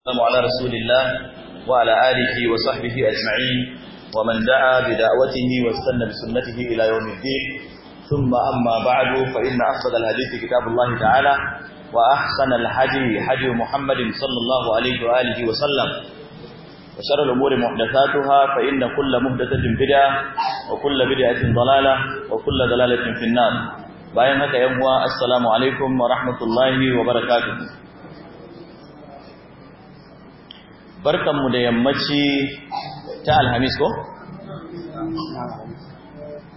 Assalamu ala Rasulillah wa ala wa sahbihi ajma'in a man da'a bi da'watihi wa sanna bi sunnatihi ila yawmiddin thumma amma ba'du fa inna afdal al hadithi kitabullah wa ahsan al hadi hadi Muhammadin sallallahu alaihi wa alihi wa sallam wa shar al umuri muhdathatuha fa inna kull muhdathatin bid'ah wa kull bid'atin dalalah wa kull dalalatin fi an-nar bayan haka yan uwa assalamu alaikum wa rahmatullahi wa barakatuh barkanmu da yammaci ta alhamis ko?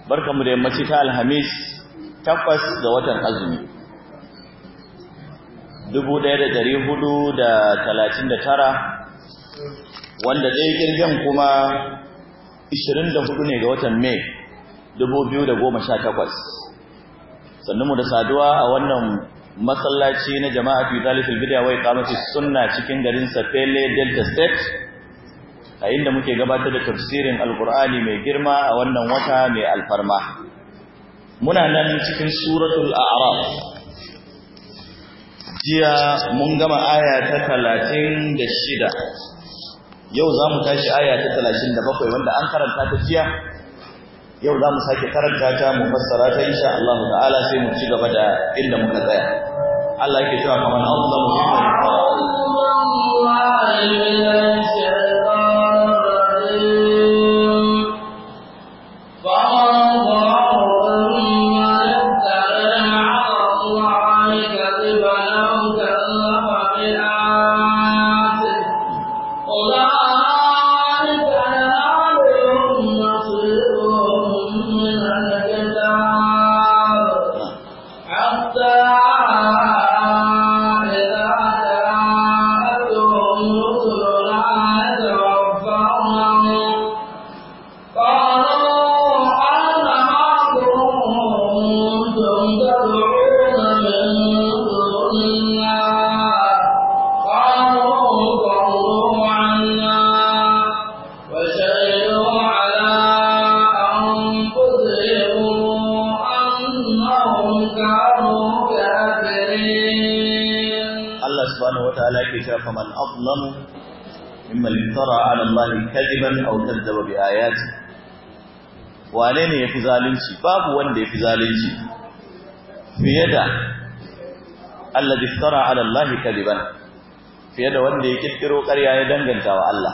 barkanmu da yammaci ta alhamis takwas ga watan azumi 1439 wanda zai girgin kuma 24 ne ga watan mai 2018 sannu mu da saduwa a wannan masallaci na jama'a fi zalifin bidya wai kamata suna cikin garin safele delta state a inda muke gabatar da tafsirin alkur'ani mai girma a wannan wata mai alfarma muna nan cikin suratul a'raf jiya mun gama aya ta talatin da shida yau za mu tashi aya ta talatin da bakwai wanda an karanta ta jiya yau za mu sake karanta ta mu fassara ta insha Allah ta'ala sai mu ci gaba da inda muka tsaya Allah yake cewa kamar Allah mutum ne kadiban aw kadzaba bi ayati wane ne yafi zalunci babu wanda yafi zalunci fiye da alladhi iftara ala allahi kadiban fiye da wanda ya kirkiro ƙarya ya danganta wa Allah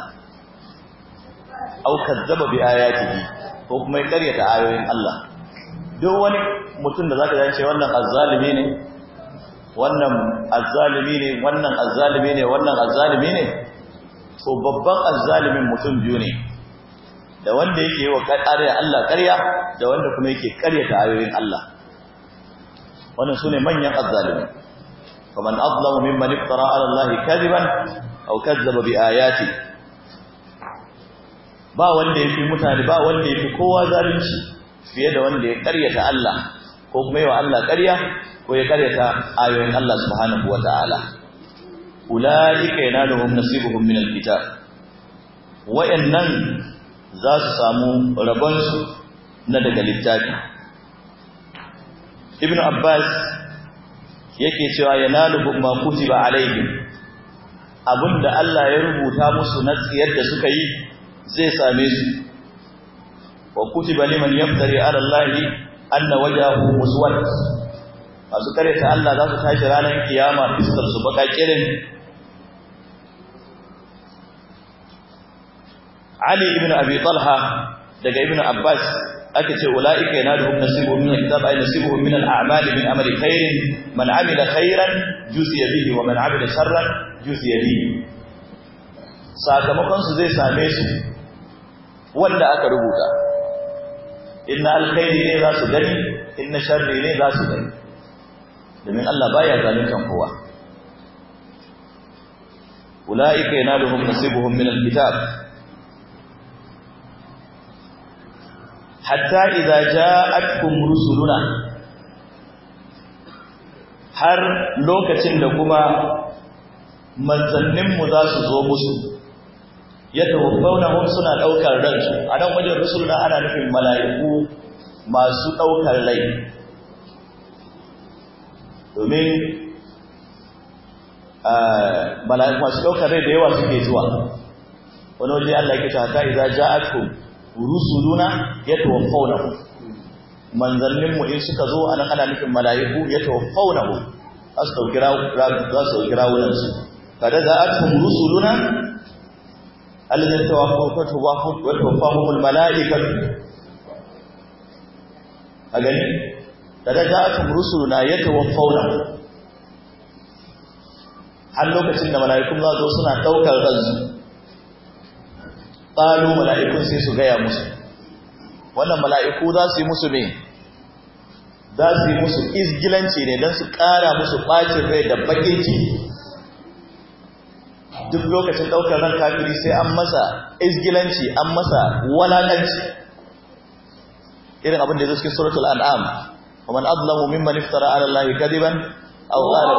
aw kadzaba bi ayatihi ko kuma ya karyata ayoyin Allah duk wani mutum da zaka dace wannan azzalimi ne wannan azzalimi ne wannan azzalimi ne wannan azzalimi ne Ko babban azzalimin mutum biyu ne da wanda yake yi wa ƙarya Allah ƙarya da wanda kuma yake ƙaryata ayoyin Allah wannan sune manyan azzalimin faman azlamu mimman iftara ala Allah kadiban aw kazzaba bi ayati ba wanda yake mutane ba wanda yake kowa zalunci fiye da wanda ya ta Allah ko kuma yawa Allah ƙarya ko ya ƙaryata ayoyin Allah subhanahu wataala ulaika yanaluhum nasibuhum min alkitab wayannan za su samu rabon su na daga littafi ibnu abbas yake cewa yanaluhum ma kutiba alaihim abinda Allah ya rubuta musu na tsiyar da suka yi zai same su wa kutiba liman yaftari ala allahi anna wajahu muswad masu karyata Allah za su tashi ranar kiyama fuskar su baka kirin ali ibn abi talha daga ibn abbas aka ce ulaika yanaduhum nasibuhum min kitab. ay nasibuhum min al'amal min amri khairin man amila khairan jusiya bihi wa man amila sharran jusiya bihi sakamakon su zai same su wanda aka rubuta in na alkhairi ne za su gani in na sharri ne za su gani domin Allah baya zaluntan kowa ulaika yanaduhum nasibuhum min kitab. hatta idza ja'atkum rusuluna har lokacin da kuma manzanninmu za su zo musu yadda wabbaunahum suna daukar ransu a nan wajen rusuluna ana nufin mala'iku masu daukar rai domin mala'iku masu daukar rai da yawa suke zuwa wani waje Allah ya kisa hatta idza ja'atkum rusuluna na hu Manzanninmu in suka zo nan ana nufin malaiku yatawaffawnahu na hu za su ɗauki wurin kada za a ta rusuluna alladhi ya wa mul malaikatu a gani kada za a atkum rusuluna hu har lokacin da malaikun za zo suna ɗaukar ransu ƙalu mala'ikun sai su gaya musu wannan mala'iku za su yi musu ne za su yi musu izgilanci ne don su ƙara musu ɓacin rai da baƙin ci, duk lokacin ɗaukar ran kafiri sai an masa izgilanci an masa walaƙanci irin abin da ya cikin suratul an'am wa man azlamu mimman iftara ala allahi kadiban aw qala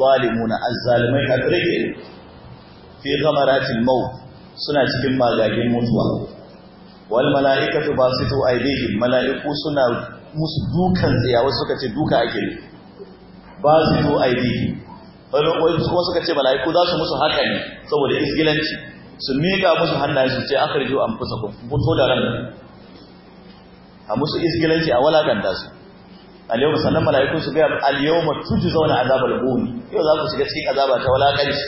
zalimuna azzalimai kadrike fi ghamaratil maut suna cikin magagin mutuwa wal mala'ikatu basitu aydihim mala'iku suna musu dukan tsayawa suka ce duka ake ne basitu Wani wasu suka ce mala'iku za su musu haka ne saboda isgilanci su mika musu hannaye su ce aka an anfusakum fito da ran a musu isgilanci a walakanta su al-yawma sannan mala'iku su ga al-yawma tujzauna azabal huni yau za ku shiga cikin azaba ta walakanci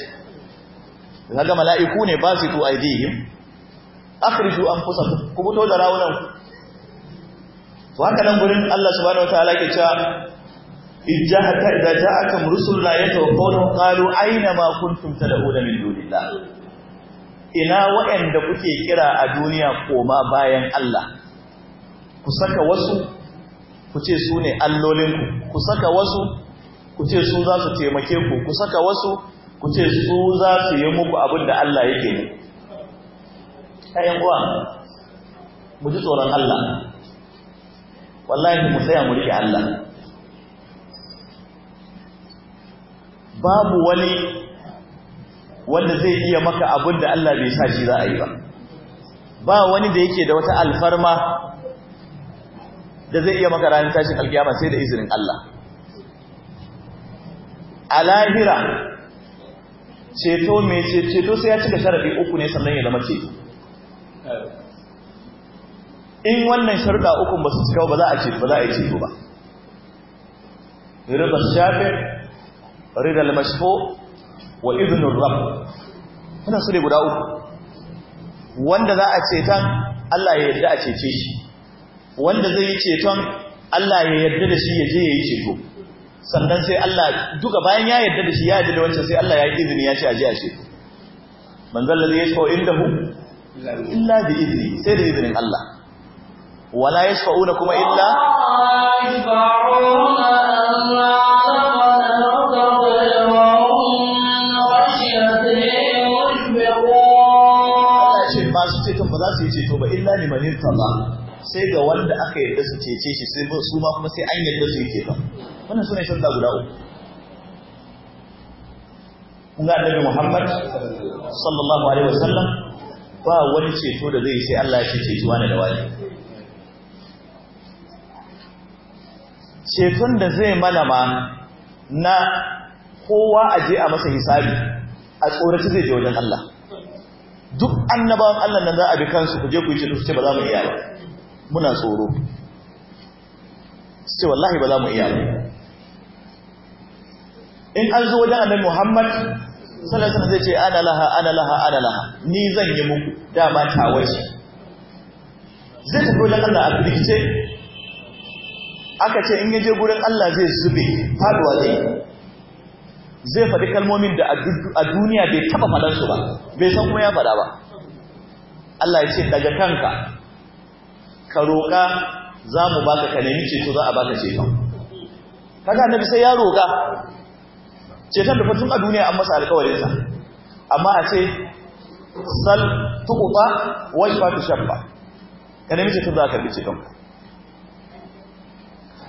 kaga mala'iku ne ba su tuwa aidihim akhriju anfusakum ku fito da rawunan to haka nan gurin Allah subhanahu wataala ke cewa ijjahata idza ja'akum rusuluna yatawaffawna qalu aina ma kuntum tad'una min dunillah ina wa'anda kuke kira a duniya koma bayan Allah ku saka wasu ku ce su ne allolinku ku saka wasu ku ce su za su taimake ku ku saka wasu ku ce su za su yi muku abin da Allah yake ne ayan uwa mu ji tsoron Allah wallahi mu tsaya mu rike Allah babu wani wanda zai iya maka abin da Allah bai sa shi za a yi ba ba wani da yake da wata alfarma da zai iya maka ranar tashin alkiyama sai da izinin Allah a lahira ceto mai ceto sai ya cika sharaɗi uku ne sannan ya zama ce in wannan sharuɗa uku ba su cika ba za a ceto ba za a yi ceto ba rida shafi rida mashfo wa izinin rab suna su ne guda uku wanda za a ceton Allah ya yarda a cece shi wanda zai yi ceton Allah ya yarda da shi ya je ya yi ceto sannan sai Allah duka bayan ya yarda da shi ya yadda da wancan sai Allah ya yi izini ya ce aje a sheku man zalla zai inda mu illa bi izini sai da izinin Allah wala yashfa'una kuma illa Allah ya ce ba su ce kan ba za su yi ceto ba illa liman irtaba sai ga wanda aka yarda su cece shi sai su ma kuma sai an yarda su yi ba wannan sune sharuɗa guda uku kun ga annabi Muhammad sallallahu alaihi wasallam ba wani ceto da zai sai Allah ya cece shi wani da wani ceton da zai malama na kowa a je a masa hisabi a tsoraci zai je wajen Allah duk annabawan Allah nan za a bi kansu ku je ku yi ceto su ce ba za mu iya ba muna tsoro sai wallahi ba za mu iya in an zo wajen annabi Muhammad sallallahu alaihi zai ce ana laha ana laha ana laha ni zan yi muku dama tawai zai tafi wajen Allah a rikice. aka ce in yaje gurin Allah zai zube faduwa zai zai faɗi kalmomin da a duniya bai taɓa faɗansu ba bai san kuma ya faɗa ba Allah ya ce daga kanka ka roƙa za mu ba ka nemi ceto za a ba baka ceton kaga annabi sai ya roƙa ceton da fatun a duniya an masa alƙawarinsa amma a ce sal tuquta wajfa tushabba ka nemi ceto za ka karbi ceton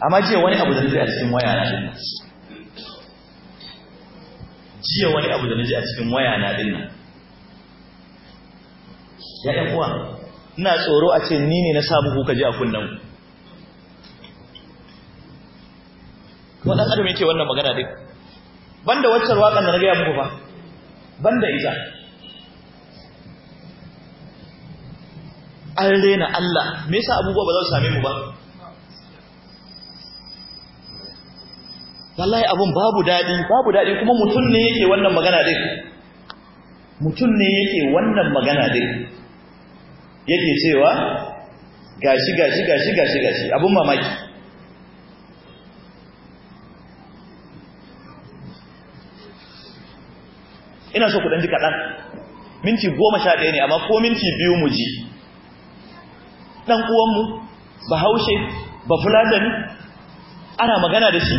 amma jiya wani abu da nake a cikin waya na dinnan jiya wani abu da nake a cikin waya na dinnan ya ɗan uwa ina tsoro a ce ni ne na sa kuka ji a kunnan ku wadan adam yake wannan magana duk banda waccar waƙan da na gaya muku ba banda ita an rena Allah me yasa abubuwa ba za su same mu ba wallahi abun babu dadi babu dadi kuma mutum ne yake wannan magana dai. mutum ne yake wannan magana dai. yake cewa gashi gashi gashi gashi gashi abun mamaki ina so ku ɗan ji kaɗan minti goma sha ɗaya ne amma ko minti biyu mu ji ɗan uwanmu bahaushe ba fulatani ana magana da shi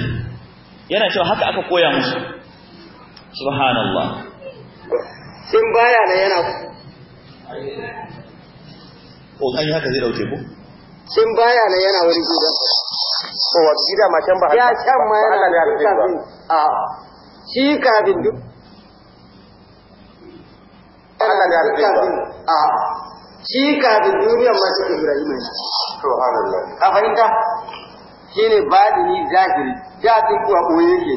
yana cewa haka aka koya musu subhanallah sun baya na yana ko an yi haka zai dauke ku sun baya nan yana wani gida ko wata gida ma can ba ya can ma yana da kafin a shi ka bin duk Allah da kafin a shi ka kafin duniyar masu Ibrahim ne subhanallah ka fahimta shine badini zahiri zahiri kuwa koyi ne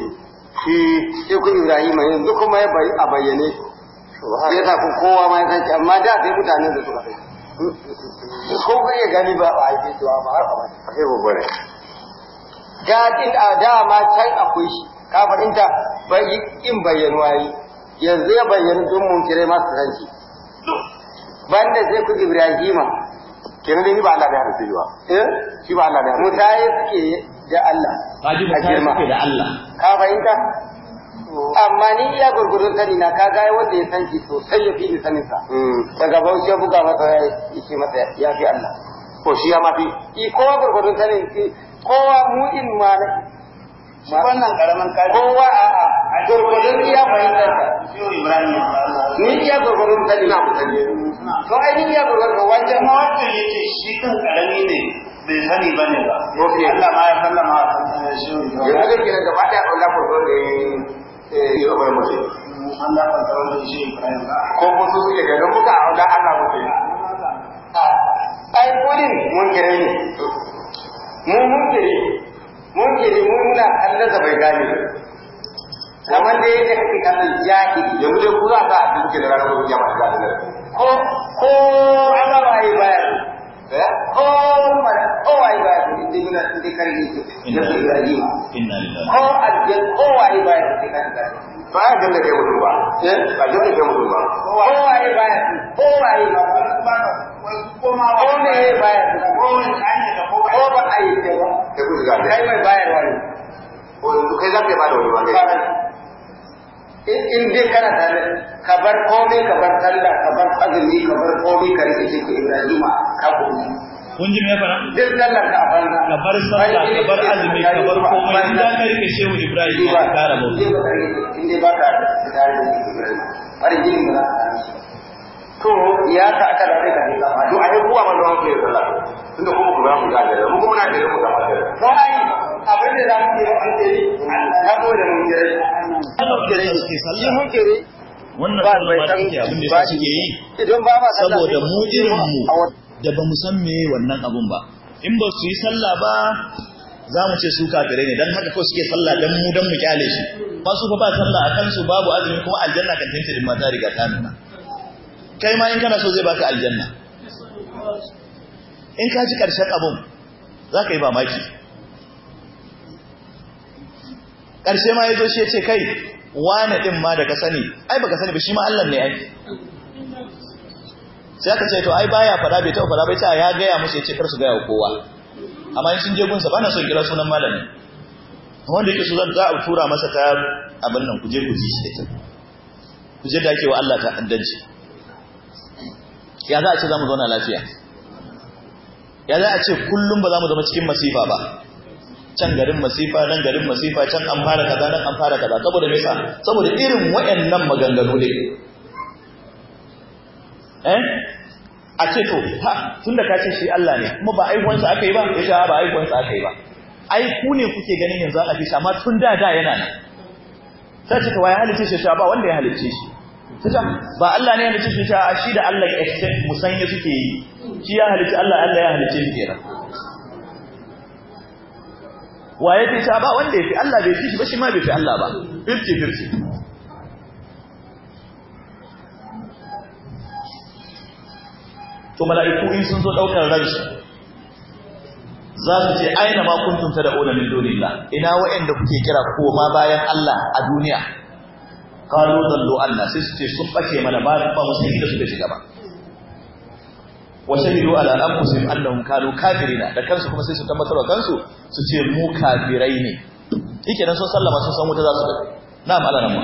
shi sai ku Ibrahim yanzu kuma ya bayyane ya ta kowa ma ya san amma da sai mutanen da suka fahimta ko kun gani ba a haife su ba har abada akai gobara da din a dama can akwai shi ka fahimta bai in bayyana wai yanzu ya bayyana tun ma masu ranci banda sai ku ibrahima kenan dai ba Allah da harfi ba eh shi ba Allah da mutaye suke da Allah a girma da Allah ka fahimta amma ni ya gurgurun sani na ka gaya wanda ya san shi sosai ya fi ni sanin sa hmm. daga bauchi ya buga masa ya ce masa ya fi Allah ko shi ya mafi i kowa gurgurun sani ki kowa mu in ma na shi wannan karaman kowa a a iya fahimtar sa ni iya gurgurun sani na mutane to ai ni iya ka wajen ma wanda yake shi kan karami ne bai sani ba ne ba. Allah ma ya sallama a kan shi. Yanzu da ke da gaba ɗaya Allah kurkur da yi mai mutu ko musu suke ga don muka auda Allah mutu ai kudin mun kire ne mun mun kire mun kire mun na Allah da bai gane da yanzu dai da ranar gobe ko ko Allah bai bayar ko ko aljanna in dai kare yake da lillahi inna ko aljanna ko wani ba da kan da ba ya ganda kai mutum ba eh ba ganda kai mutum ba ko wani baya ko wani ba kuma ko ko ne baya ko ne an yi da ko ba ko ba da ba kai ku da kai ko yanzu kai za ka ba da wani ba in dai kana tare ka bar komai ka bar sallah ka bar azumi ka bar komai ka rike ibrahima ka kuma kun ji fara ka bar sallah ka bar azumi ka bar komai in da ka shehu ibrahim ka kara mu in ba ka da ibrahim ba to ya aka da ba to ai kuwa ba ke sallah kuma ku ba mu ga da mu kuma na da mu ga da abin da yi an na da mun sallah wannan ba ba yi idan ba ba saboda mu irin mu da ba mu san me wannan abun ba in ba su yi sallah ba za mu ce su kafirai ne don haka ko suke sallah don mu dan mu kyale shi ba su ba sallah a kansu babu azumi kuma aljanna kan tantance da mata riga ta nuna kai ma in kana so zai baka aljanna in ka ji karshen abun za ka yi mamaki karshe ma ya zo shi ya ce kai wane din ma da ka sani ai baka sani ba shi ma Allah ne ai sai aka ce to ai baya fada bai taɓa fada bai ta ya gaya musu ya ce kar su gaya wa kowa amma in sun je gunsa bana son kira sunan malami wanda yake so za a tura masa ta abin nan kuje kuje shi da kuje da ake wa Allah ta addanci ya za a ce za mu zauna lafiya ya za a ce kullum ba za mu zama cikin masifa ba can garin masifa nan garin masifa can an fara kaza nan an fara kaza saboda me yasa saboda irin waɗannan maganganu ne Eh? a ce to ha tun ka ce shi Allah ne kuma ba sa aka yi ba ya sha ah, ba sa aka yi ba ai ku ne kuke ganin yanzu aka fi amma tun da da yana nan sai ce to wai halice shi sha ba wanda ya halice shi sai ba Allah ne ya halice shi sha ah, shi da Allah ce musanya suke yi shi ya halice Allah Allah ya halice shi kenan waye ce sha ba wanda ya fi Allah bai fi shi ba shi ma bai fi Allah ba 50 50 to mala'iku in sun zo daukar ransu za su ce aina ma kuntum tad'una min dunillah ina wa'anda kuke kira koma bayan Allah a duniya qalu dallu anna sai su ce sun bace mana ba ba mu sai da su shiga ba wa shahidu ala anfusihim annahum kanu kafirina da kansu kuma sai su tabbatar kansu su ce mu kafirai ne yake nan sun sallama sun san wuta za su tafi na'am alaran mu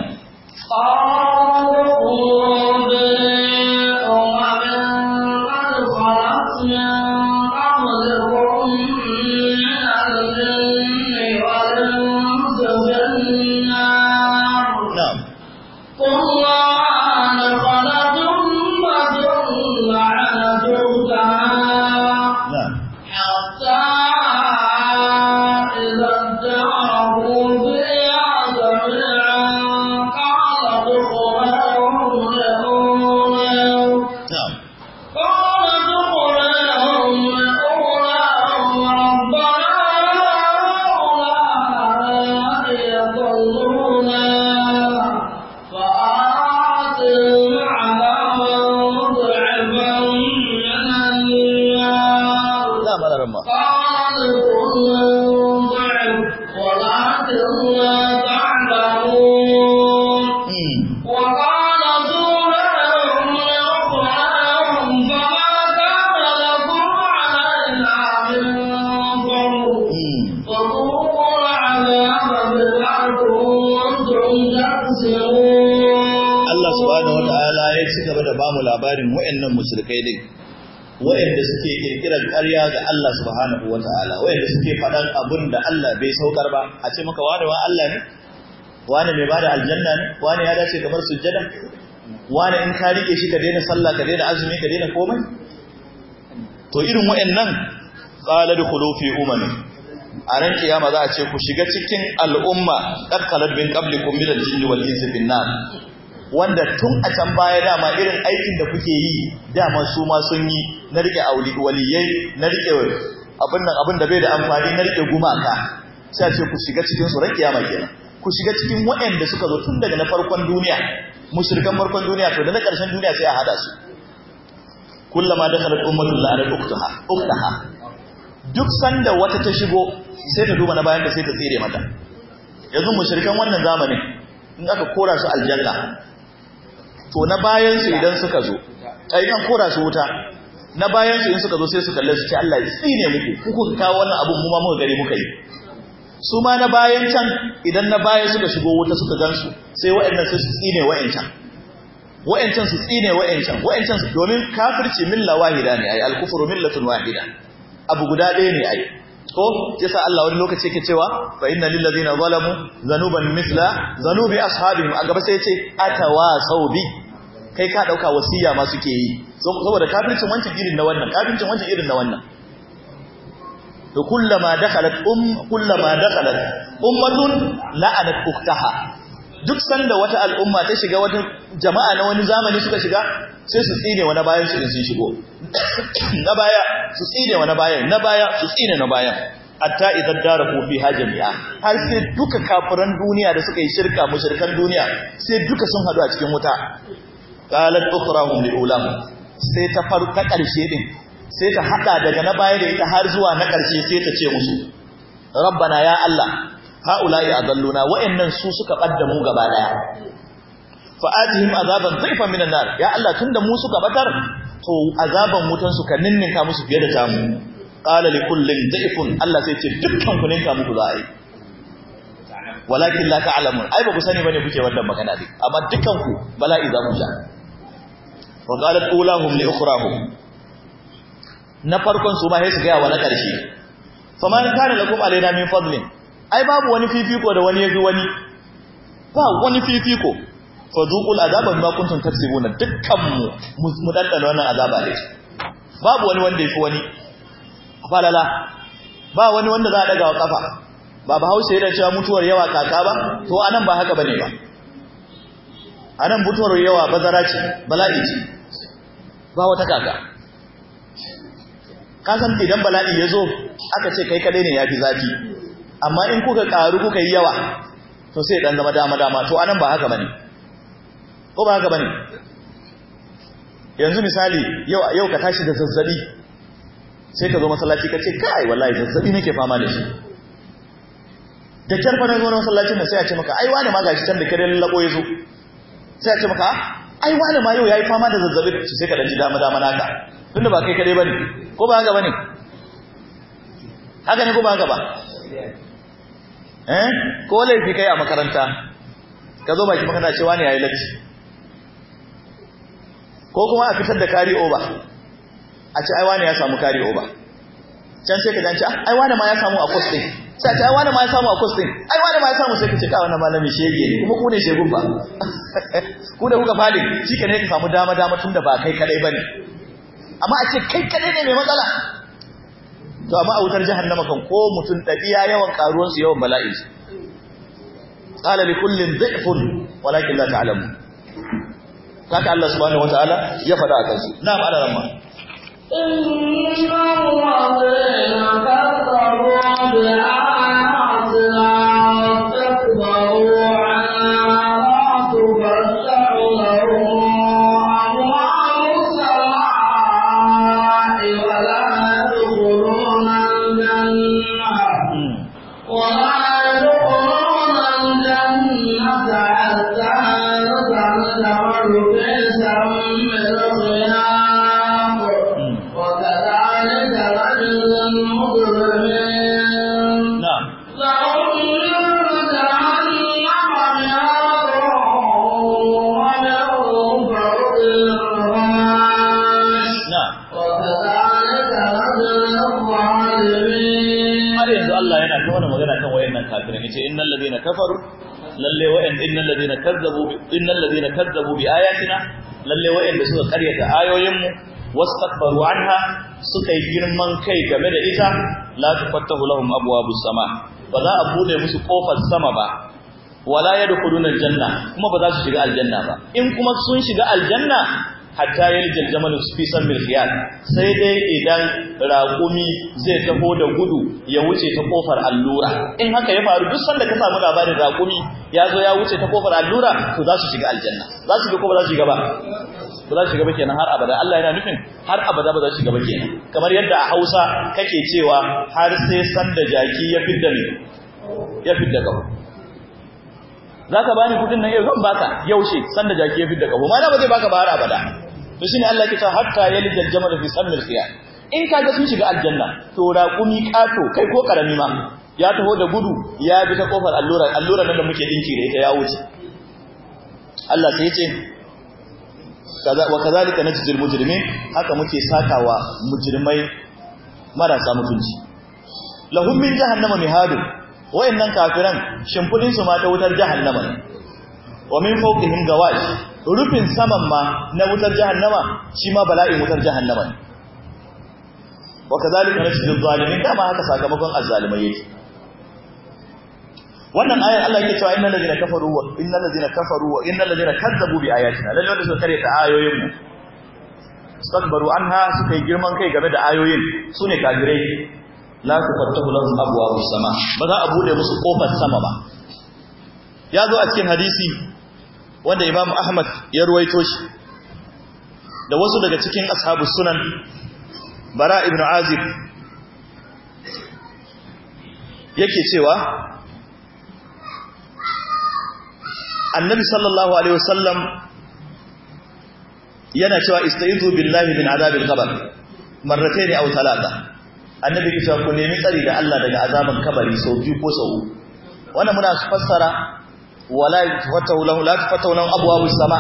labarin wa'annan musulkai din wa'anda suke kirkirar ƙarya ga Allah subhanahu wataala wa'anda suke faɗan abin da Allah bai saukar ba a ce maka wani wa Allah ne wani mai bada aljanna ne wani ya dace kamar sujjada wani in ka rike shi ka daina sallah ka daina azumi ka daina komai to irin wa'annan qala dukhulu fi umamin a ran kiyama za a ce ku shiga cikin al'umma qad khalat min qablikum min al-jinni wal insi bin nar wanda tun a can baya dama irin aikin da kuke yi dama su ma sun yi na rike waliyai na rike abin da bai da amfani na rike gumaka sai ce ku shiga cikin su rakiya mai kenan ku shiga cikin waɗanda suka zo tun daga na farkon duniya mushrikan farkon duniya to da na ƙarshen duniya sai a hada su kullama dakhalat ummatun la'anat uktaha uktaha duk sanda wata ta shigo sai ta duba na bayan da sai ta tsire mata yanzu mushrikan wannan zamanin in aka kora su aljanna to na bayan su idan suka zo ai an kora su wuta na bayan su in suka zo sai su kalle su ce Allah ya tsine muku ku kuka kawo wannan abun kuma muka gari muka yi su ma na bayan can idan na bayan suka shigo wuta suka gansu sai wa'annan sai su tsine wa'ancan wa'ancan su tsine wa'ancan wa'ancan su domin kafirci milla wahida ne ai al-kufru millatun wahida abu guda ɗaya ne ai ko yasa Allah wani lokaci yake cewa fa inna lil ladina zalamu zanuban misla zanubi ashabihim a gaba sai ce atawasaw bi kai ka dauka wasiya ma suke yi saboda kafircin wancan irin na wannan kafircin wancan irin na wannan to kullama dakhalat um kullama dakhalat ummatun la'anat ukhtaha duk sanda wata al'umma ta shiga wata jama'a na wani zamani suka shiga sai su tsine wani bayan su sun shigo na baya su tsine wani bayan na baya su tsine na bayan hatta idan daraku fi jami'a har sai duka kafiran duniya da suka yi shirka mushrikan duniya sai duka sun hadu a cikin wuta qalat ukhrahum li ulam sai ta faru ta karshe din sai ta hada daga na baya da ita har zuwa na karshe sai ta ce musu rabbana ya allah haula'i adalluna wa'annan su suka badda mu gaba daya fa atihim azaban dhifan minan nar ya allah tunda mu suka batar to azaban wutan su ka ninninka musu fiye da tamu qala li kullin dhifun allah sai ce dukkan ku ninka muku za'a walakin la ta'lamun ai ba ku sani bane kuke wannan magana din amma dukkan ku bala'i za mu ja wa qalat ulahum li ukhrahum na farkon su ma sai su ga wa na karshe fa man kana lakum alaina min fadlin ai babu wani fifiko da wani yafi wani ba wani fifiko fa zuqul azaba bima kuntum taksibuna dukkan mu mu daddala wannan azaba ne babu wani wanda yafi wani falala ba wani wanda za a daga wa kafa ba ba hausa yana cewa mutuwar yawa kaka ba to anan ba haka bane ba a nan mutuwar yawa bazara ce bala'i ce ba wata kaka kasan idan bala'i ya zo aka ce kai kadai ne ya fi zafi amma in kuka karu kuka yi yawa to sai dan zama dama dama to anan ba haka bane ko ba haka bane yanzu misali yau yau ka tashi da zazzabi sai ka zo masallaci ka ce kai wallahi zazzabi nake fama da shi da kyar fa na zo masallacin sai a ce maka ai wani ma gashi can da kare lallabo yazo sai a ce maka ai wani ma yau yayi fama da zazzabi su sai ka dan ji dama dama naka tunda ba kai kadai bane ko ba haka bane haka ne ko ba haka ba eh ko laifi kai a makaranta ka zo baki magana ce wani yayi latti ko kuma a fitar da kari ba a ce ai wani ya samu kari ba. can sai ka ganci ah, ai wani ma ya samu a course din sai ta wani ma ya samu a course din ai wani ma ya samu sai ka ce ka wani malami shege ne kuma ku ne shegun ba ku da kuka fadi shi ka ne ka samu dama dama tunda ba kai kadai bane amma a ce kai kadai ne mai matsala to amma a wutar jahannama kan ko mutum dabiya yawan karuwan su yawan bala'i qala li kullin dhifun walakin la ta'lamu kaka Allah subhanahu wataala ya fada a kansu na fada ramma إن الذين كفروا بعد kazzabu innal ladina kazzabu bi ayatina lalle wa'anda suka karyata ayoyin mu wastakbaru anha suka yi girman kai game da ita la tufattahu lahum abwabus sama ba za a bude musu kofar sama ba wala yadkhuluna aljanna kuma ba za su shiga aljanna ba in kuma sun shiga aljanna hatta yarjin jamalu fi sammil milkiyar, sai dai idan raƙumi zai taho da gudu ya wuce ta kofar allura in haka ya faru duk sanda ka samu labarin raƙumi ya zo ya wuce ta kofar allura to za su shiga aljanna za su shiga ko ba za su shiga ba ba za su shiga ba kenan har abada Allah yana nufin har abada ba za su shiga ba kenan kamar yadda a Hausa kake cewa har sai sanda jaki ya fidda ne ya fidda gaba za ka bani kudin nan yau zan baka yaushe sanda jaki ya fidda gaba ma na ba zai baka ba har abada to shine Allah ke ta hatta yalid al-jamal fi sammil khiyar in kaga sun shiga aljanna to raqumi kato kai ko karami ma ya taho da gudu ya bi ta kofar allura allura nan da muke dinki da ita ya wuce Allah sai ya ce wa kazalika najzil mujrimin haka muke sakawa mujrimai marasa mutunci lahum min jahannama mihadu wayannan kafiran shimfudin su ma ta wutar jahannama ne wa min fawqihim gawash rufin saman ma na wutar jahannama shi ma bala'in wutar jahannama ne wa kazalika rashidul zalimin dama haka sakamakon azzalimai yake wannan ayar Allah yake cewa innal ladina kafaru wa innal ladina kafaru wa innal ladina kazzabu bi ayatina lalle wanda suka kare ta ayoyin mu stakbaru anha suka yi girman kai game da ayoyin su ne kafirai la tufattahu lahum abwaabus sama ba za a bude musu kofar sama ba ya zo a cikin hadisi wanda Imam Ahmad ya ruwaito shi da wasu daga cikin ashabu sunan Bara ibn Azib yake cewa Annabi sallallahu alaihi wasallam yana cewa istaizu billahi min azabil qabr marratayn aw thalatha annabi ya ce ku nemi tsari da Allah daga azaban kabari sau biyu ko sau uku wannan muna fassara wala yufatahu lahu la tufatahu lahum abwabus sama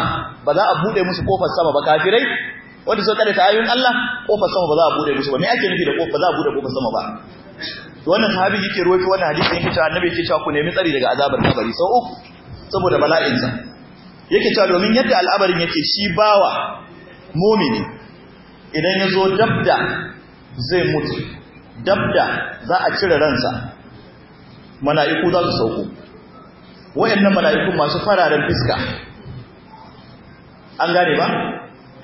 ba za a bude musu kofar sama ba kafirai wanda so kada ta ayun Allah kofar sama ba za a bude musu ba me ake nufi da kofar ba za a bude kofar sama ba wannan sahabi yake ruwaito wannan hadisi yake cewa annabi yake cewa ku nemi tsari daga azabar kabari sau uku saboda bala'in sa yake cewa domin yadda al'abarin yake shi bawa mumini idan ya zo dabda zai mutu dabda za a cire ransa mana iku za su sauko wayannan mala'iku masu fararen fiska an gane ba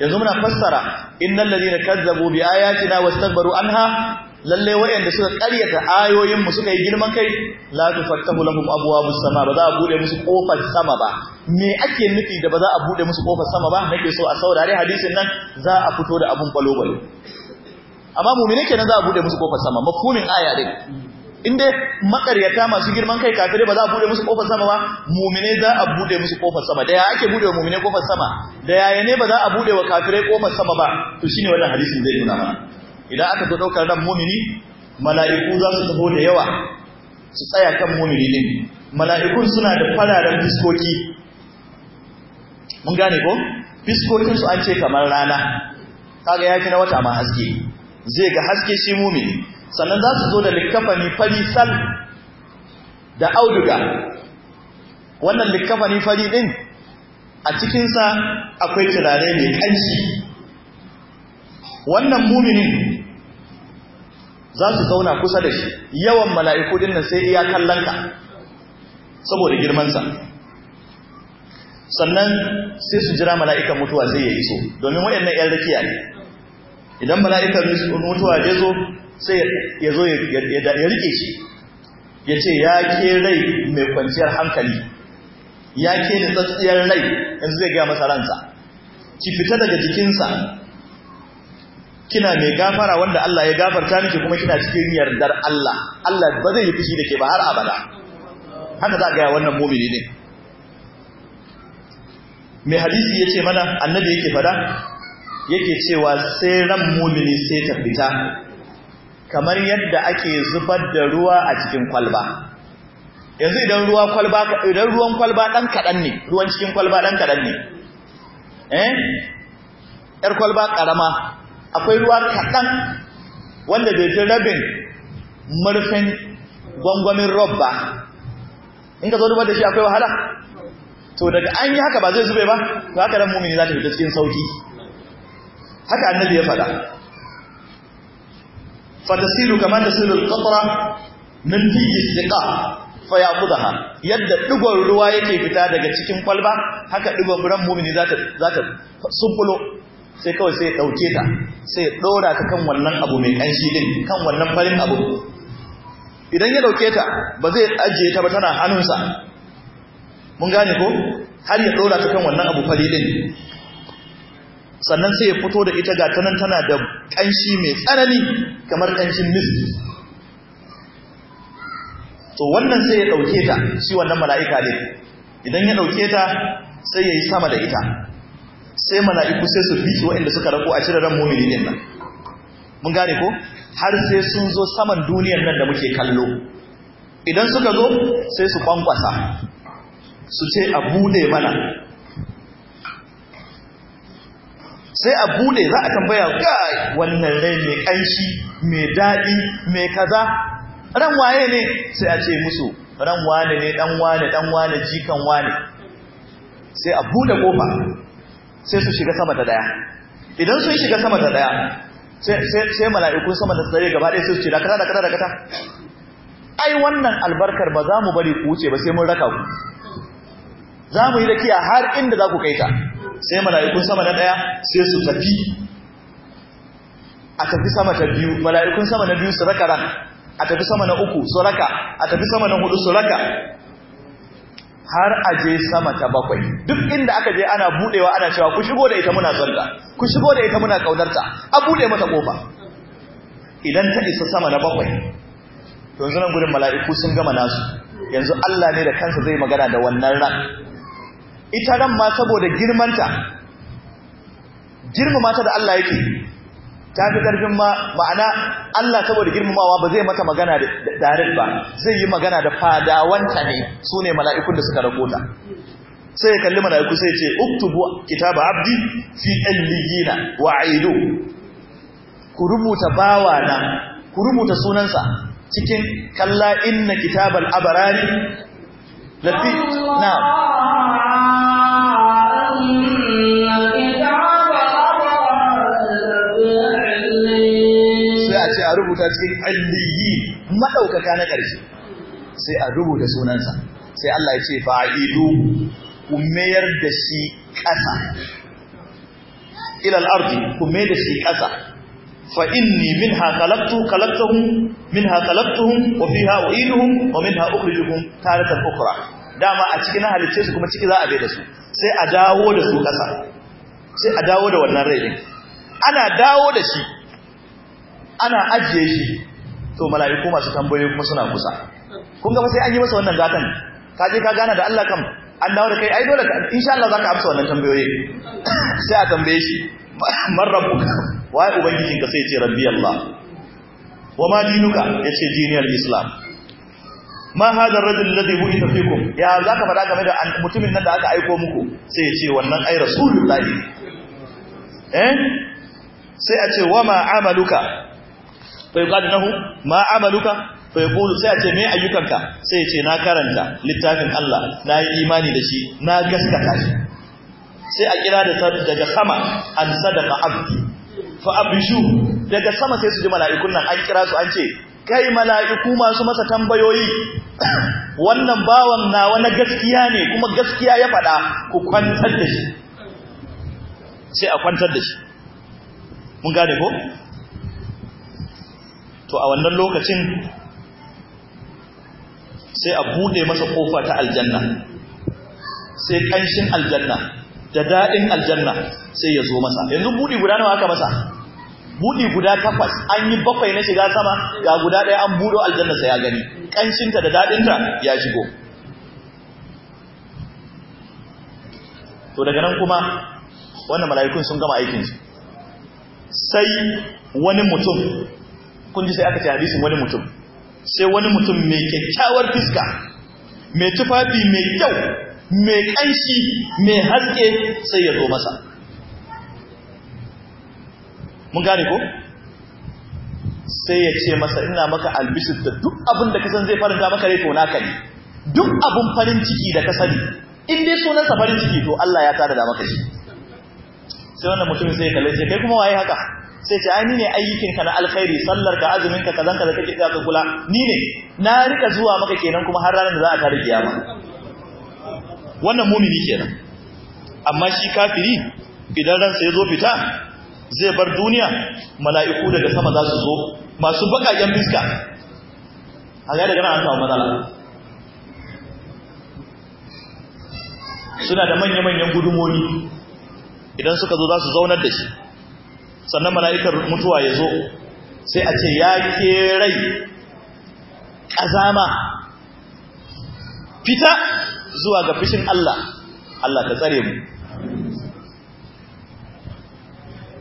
yanzu muna fassara innal ladina kazzabu bi ayatina wastakbaru anha lalle wayanda suka ƙaryata ayoyin mu suka yi girman kai la tufattahu lahum abwabus sama ba za a bude musu kofar sama ba me ake nufi da ba za a bude musu kofar sama ba nake so a saurare hadisin nan za a fito da abun kwalo-kwalo. amma mu'mine kenan za a bude musu kofar sama mafhumin aya din inda makaryata masu girman kai kafirai ba za a bude musu kofar sama ba mumine za a bude musu kofar sama da ya ake bude wa mumine kofar sama da yaya ne ba za a bude wa kafirai kofar sama ba to shine wannan hadisin zai nuna mana idan aka zo daukar ran mumini mala'iku za su taho da yawa su tsaya kan mumini din mala'ikun suna da fararen fiskoki mun gane ko fiskokin su an ce kamar rana kaga yaki na wata ma haske zai ga haske shi mumini sannan za su zo da likafani fari sal da auduga wannan likafani fari din a cikinsa akwai turare mai kanshi wannan muminin za su zauna kusa da shi yawan mala'iku dinnan sai iya kallonka saboda girmansa sannan sai su jira mala'ikan mutuwa zai ya iso domin waɗannan ‘yan rakiya ne idan mala'ikan mutuwa ya zo sai ya zo ya rike shi ya ce ya ke rai mai kwanciyar hankali ya ke ni tsatsiyar rai yanzu zai gaya masa ransa ki fita daga jikinsa kina mai gafara wanda Allah ya gafarta miki kuma kina cikin yardar Allah Allah ba zai yi fushi da ke ba har abada haka za ga wannan mumini ne mai hadisi ya ce mana annabi yake fada yake cewa sai ran mumini sai ta fita kamar yadda ake zubar da ruwa a cikin kwalba yanzu idan ruwa kwalba idan ruwan kwalba dan kadan ne ruwan cikin kwalba dan kadan ne eh yar kwalba karama akwai ruwa kadan wanda bai ji rabin murfin gwangwamin robba in ka zo duba da shi akwai wahala to daga an yi haka ba zai zube ba to haka ran mumini za ta fita cikin sauki haka annabi ya faɗa فتسيل كما تسيل القطرة من في الثقة fayaqudaha yadda digon ruwa yake fita daga cikin kwalba haka digon ran mumini zata zata sunfulo sai kawai sai dauke ta sai dora ta kan wannan abu mai kanshi din kan wannan farin abu idan ya dauke ta ba zai ajiye ta ba tana hannunsa mun gane ko har ya dora ta kan wannan abu fari din sannan sai ya fito da ita ta nan tana da ƙanshi mai tsanani kamar ƙanshin miski to wannan sai ya ɗauke ta shi wannan mala'ika ne idan ya ɗauke ta sai ya yi sama da ita sai mala'iku sai su biki waɗanda suka rako a cire ran mumini nan mun gane ko har sai sun zo saman duniyar nan da muke kallo idan suka zo sai su kwankwasa su ce a buɗe mana sai a bude za a tambaya kai wannan rai mai kanshi mai daɗi mai kaza ran waye ne sai a ce musu ran wane ne dan wane dan wane jikan wane sai a bude kofa sai su shiga sama da daya idan sun shiga sama da daya sai mala'ikun sama da tsare gaba ɗaya sai su ce dakata dakata dakata ai wannan albarkar ba za mu bari ku wuce ba sai mun raka ku za mu yi da kiya har inda za ku kai ta sai mala'ikun sama na ɗaya sai su tafi a tafi sama ta biyu mala'ikun sama na biyu su raka ran a tafi sama na uku su raka a tafi sama na hudu su raka har a je sama ta bakwai duk inda aka je ana budewa ana cewa ku shigo da ita muna zonta ku shigo da ita muna ƙaunarta, a bude mata kofa idan ta isa sama na bakwai yanzu nan gudun mala'iku sun gama nasu yanzu Allah ne da kansa zai magana da wannan ran ita ran ma saboda girmanta girmama mata da Allah yake ta fi karfin ma ma'ana Allah saboda girmamawa ba zai mata magana da direct ba zai yi magana da fadawanta ne su ne mala'ikun da suka rakota sai ya kalli mala'iku sai ce uktubu kitaba abdi fi alliyina wa aidu ku rubuta bawana ku rubuta sunansa cikin kalla inna kitabal abarari lafi na sai a ce a rubuta cikin alliyi maɗaukaka na ƙarshe sai a rubuta sunansa sai Allah ya ce fa'idu ku mayar da shi ƙasa ilal ardi ku mayar da shi ƙasa fa inni minha khalaqtu khalaqtuhum minha khalaqtuhum wa fiha u'iduhum wa minha ukhrijuhum taratan ukhra dama a cikin halicce su kuma ciki za a bai da su sai a dawo da su ƙasa sai a dawo da wannan rai din ana dawo da shi ana ajiye shi to mala'iku masu tambayoyi kuma suna kusa kun ga sai an yi masa wannan gatan ka je ka gana da Allah kam an dawo da kai ai dole ka. insha Allah zaka amsa wannan tambayoyi sai a tambaye shi man rabbuka wai ubangijinka sai ya ce rabbi Allah wa ma dinuka yace dinin islam ma hadar rajul ladhi bu'itha fikum ya zaka fada game da mutumin nan da aka aiko muku sai ya ce wannan ai rasulullahi eh sai a ce wa ma amaluka fa yuqalu lahu ma amaluka fa yaqulu sai a ce me ayyukanka sai ya ce na karanta littafin Allah na yi imani da shi na gaskata shi sai a kira da daga sama an sadaqa abdi fa abishu daga sama sai su ji mala'ikun nan an kira su an ce kai mala'iku masu masa tambayoyi wannan bawan na wani gaskiya ne kuma gaskiya ya faɗa ku kwantar da shi sai a kwantar da shi mun gane ko to a wannan lokacin sai a bude masa kofa ta aljanna sai kanshin aljanna da daɗin aljanna sai ya zo masa yanzu buɗe guda nawa aka masa buɗi guda takwas an yi bakwai na shiga sama ga guda ɗaya an buɗo aljannarsa ya gani ƙanshinta da daɗinta ya shigo to daga nan kuma wannan mala'ikun sun gama aikinsu sai wani mutum kun ji sai aka ce hadisin wani mutum sai wani mutum mai kyakkyawar fiska mai tufafi mai kyau mai ƙanshi mai haske sai ya zo masa mun gane ko sai ya ce masa ina maka albishir da duk abin da kasan zai faranta maka rai to naka ne duk abin farin ciki da ka sani in dai sunansa farin ciki to Allah ya tada da maka shi sai wannan mutumin sai ya kalle sai kai kuma waye haka sai ce ai ni ne ayyukin ka na alkhairi sallar ka azumin ka kazan ka da kake ka kula ni ne na rika zuwa maka kenan kuma har ranar da za a tare kiyama wannan mumini kenan amma shi kafiri idan ransa ya zo fita zai bar duniya mala'iku daga sama za su zo masu 'yan fiska a gaya daga ranar an matsala suna da manya-manyan gudumoni idan suka zo za su zaunar da shi sannan mala'ikar mutuwa ya zo sai a ce ya ke rai ƙazama fita zuwa ga fushin Allah Allah ka tsare mu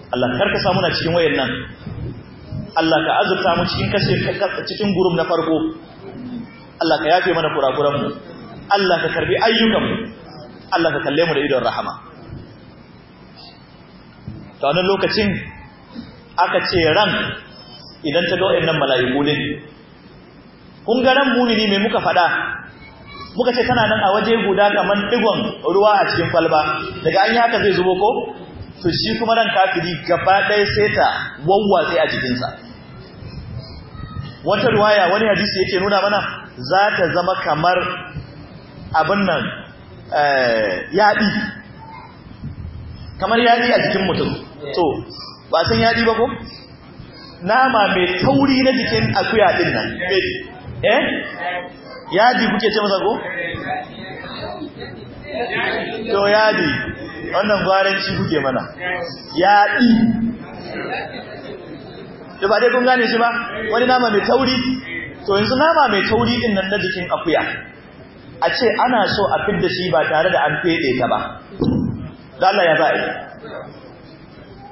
Allah karka sa muna cikin wayan nan Allah ka azurta mu cikin kashe cikin gurum na farko Allah ka yafe mana kurakuran mu Allah ka karbi ayyukan mu Allah ka kalle mu da idon rahama ta wannan lokacin aka ce ran idan ta ga wayannan mala'iku ne kun ga ran mumini me muka fada muka ce tana nan a waje guda kaman digon ruwa a cikin falba, daga an yi haka zai zubo ko to shi kuma nan kafiri gaba ɗaya sai ta sai a jikinsa wata ruwaya wani hadisi yake nuna mana za ta zama kamar abin nan eh, yaɗi kamar yaɗi a jikin mutum to ba san yaɗi ba ko nama mai tauri na jikin akuya ɗin nan eh yaɗi kuke ce masa ko to yaɗi wannan gwaranci kuke mana yaɗi da ba dai kun gane shi ba wani nama mai tauri to yanzu nama mai tauri ɗin nan na jikin akuya a ce ana so a fidda shi ba tare da an fede ta ba da Allah ya ba'i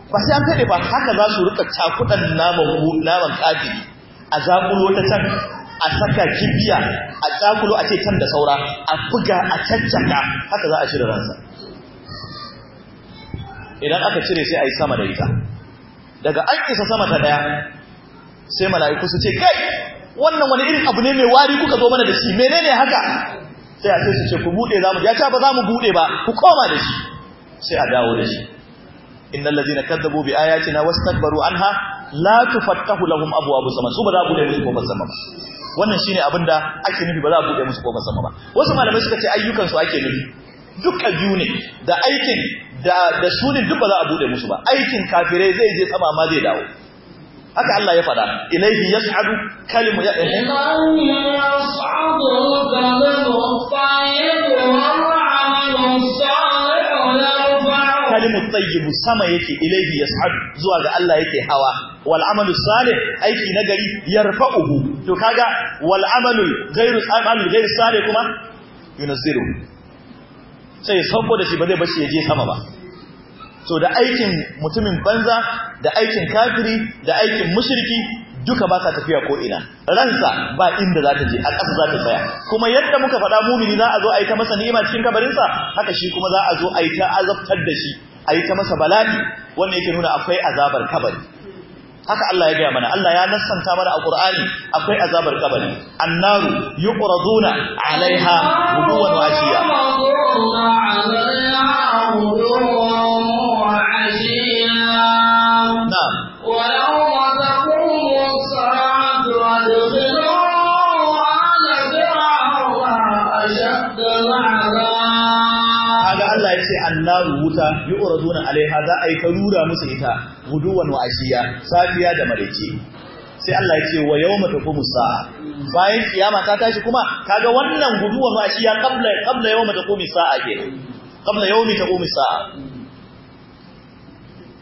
ba sai an fede ba haka za su rika cakudan naman naman kafiri a zakulo ta can a saka kibiya a zakulo a ce can da saura a buga a caccaka haka za a shirya ransa idan aka cire sai a yi sama da ita daga an isa sama ta daya sai mala'iku su ce kai wannan wani irin abu ne mai wari kuka zo mana da shi menene haka sai a sai su ce ku bude zamu ya ce ah, ba za mu bude ba ku koma da shi sai a dawo da shi innal ladina kadzabu bi ayatina wastakbaru anha la tufattahu lahum abwabu sama su ba za bude musu kofar sama ba wannan shine abinda ake nufi ba za bude musu kofar sama ba wasu malamai suka ce ayyukan su ake nufi dukkan biyu ne da aikin da sunin duk ba za a bude musu ba aikin kafirai zai je sama ma zai dawo haka Allah ya faɗa ilayhi yas'adu kalimu ya ɗaya kalimu tayyibu sama yake ilayhi yas'adu zuwa ga Allah yake hawa wal amalu salih aiki nagari yarfa'uhu to kaga wal amalu ghairu amalu ghairu salih kuma yunziru sai saboda shi ba zai bashi ya je sama ba To da aikin mutumin banza da aikin kafiri da aikin mushriki duka ba tafiya ko ina ransa ba inda za ta je a ƙasa za ta tsaya kuma yadda muka faɗa mumini za a zo a yi ta masa ni'ima cikin kabarinsa haka shi kuma za a zo a yi ta azabtar da shi a yi ta masa bala'i wanda yake nuna akwai azabar kabari haka Allah ya gaya mana Allah ya nassanta mana a Qur'ani akwai azabar kabari annaru yuqraduna alaiha wuduwan wa ashiya annaru wuta yu'raduna alaiha za a yi karura musu ita guduwan wa ashiya safiya da maraice sai Allah ya ce wa yawma taqumu sa'a bayan kiyama ta tashi kuma kaga wannan guduwan wa ashiya qabla qabla yawma taqumu sa'a ke qabla yawmi taqumu sa'a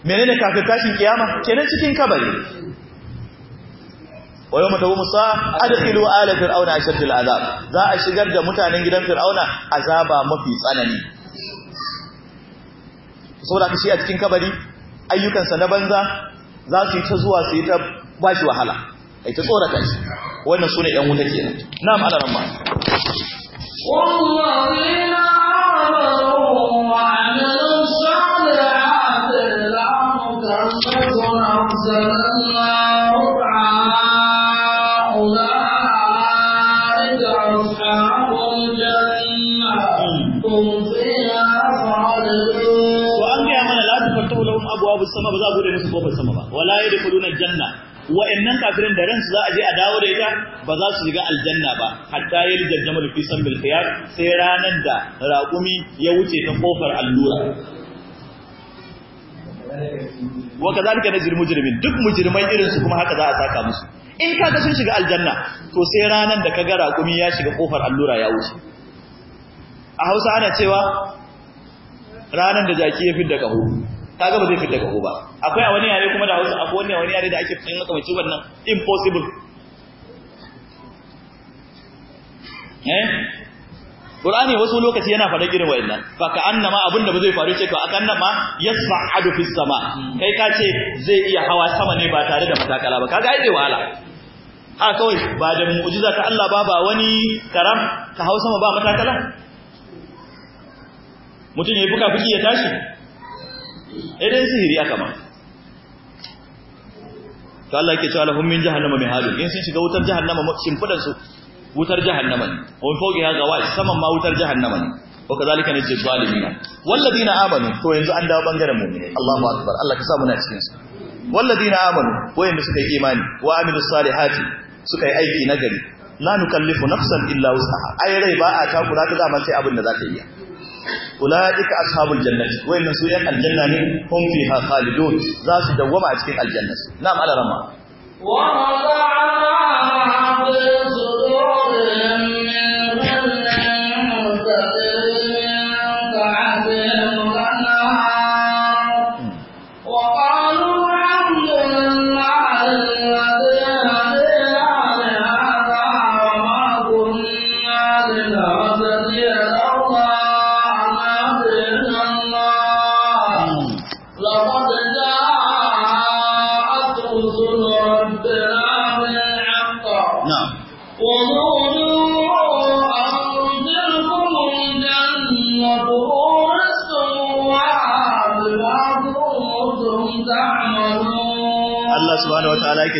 menene kafin tashin kiyama kenan cikin kabari wa yawma tawu musa adkhilu ala fir'auna ashadul azab za a shigar da mutanen gidan fir'auna azaba mafi tsanani saboda kashi a cikin kabari ayyukansa na banza za su yi ta zuwa su yi ta bashi wahala ai ta tsorata shi wannan sune yan wuta kenan na'am ala ramma والله لا wa da nasu kofar sama ba wala ya da kuduna janna wa'annan kafirin da ransu za a je a dawo da ita ba za su shiga aljanna ba hatta da jamal fi sambil khiyar sai ranan da raqumi ya wuce ta kofar allura wa kadhalika najri mujrimin duk mujrimai irin su kuma haka za a saka musu in ga sun shiga aljanna to sai ranan da kaga raqumi ya shiga kofar allura ya wuce a Hausa ana cewa ranan da jaki ya fidda kaho kaga ba zai fita gaho ba akwai a wani yare kuma da Hausa akwai wani a wani yare da ake fahimta makamancin wannan impossible eh Qur'ani wasu lokaci yana faɗa irin wayannan fa ka annama abinda ba zai faru ce to akan nama adu fis sama kai ka ce zai iya hawa sama ne ba tare da matakala ba kaga ai zai wahala a kawai ba da mu'jiza ta Allah ba ba wani karam ka hawa sama ba matakala mutum yayi buka fiki ya tashi idan sihiri aka ma ta Allah yake cewa lahum jahannama jahannama mihadun in sun shiga wutar jahannama shimfidan su wutar jahannama ne wa min fawqiha gawash saman ma wutar jahannama ne wa kadhalika ce zalimina walladina amanu to yanzu an dawo bangaren mu'mini Allahu akbar Allah ka sa mu na cikin su walladina amanu yanzu suka yi imani wa amilu salihati suka yi aiki nagari la nukallifu nafsan illa wus'aha ai rai ba a takura ta zaman sai abin da za ta yi ulaika ashabul jannati wayannan su yan aljanna ne hum fiha khalidun za su dawwama a cikin aljanna na alarama wa ma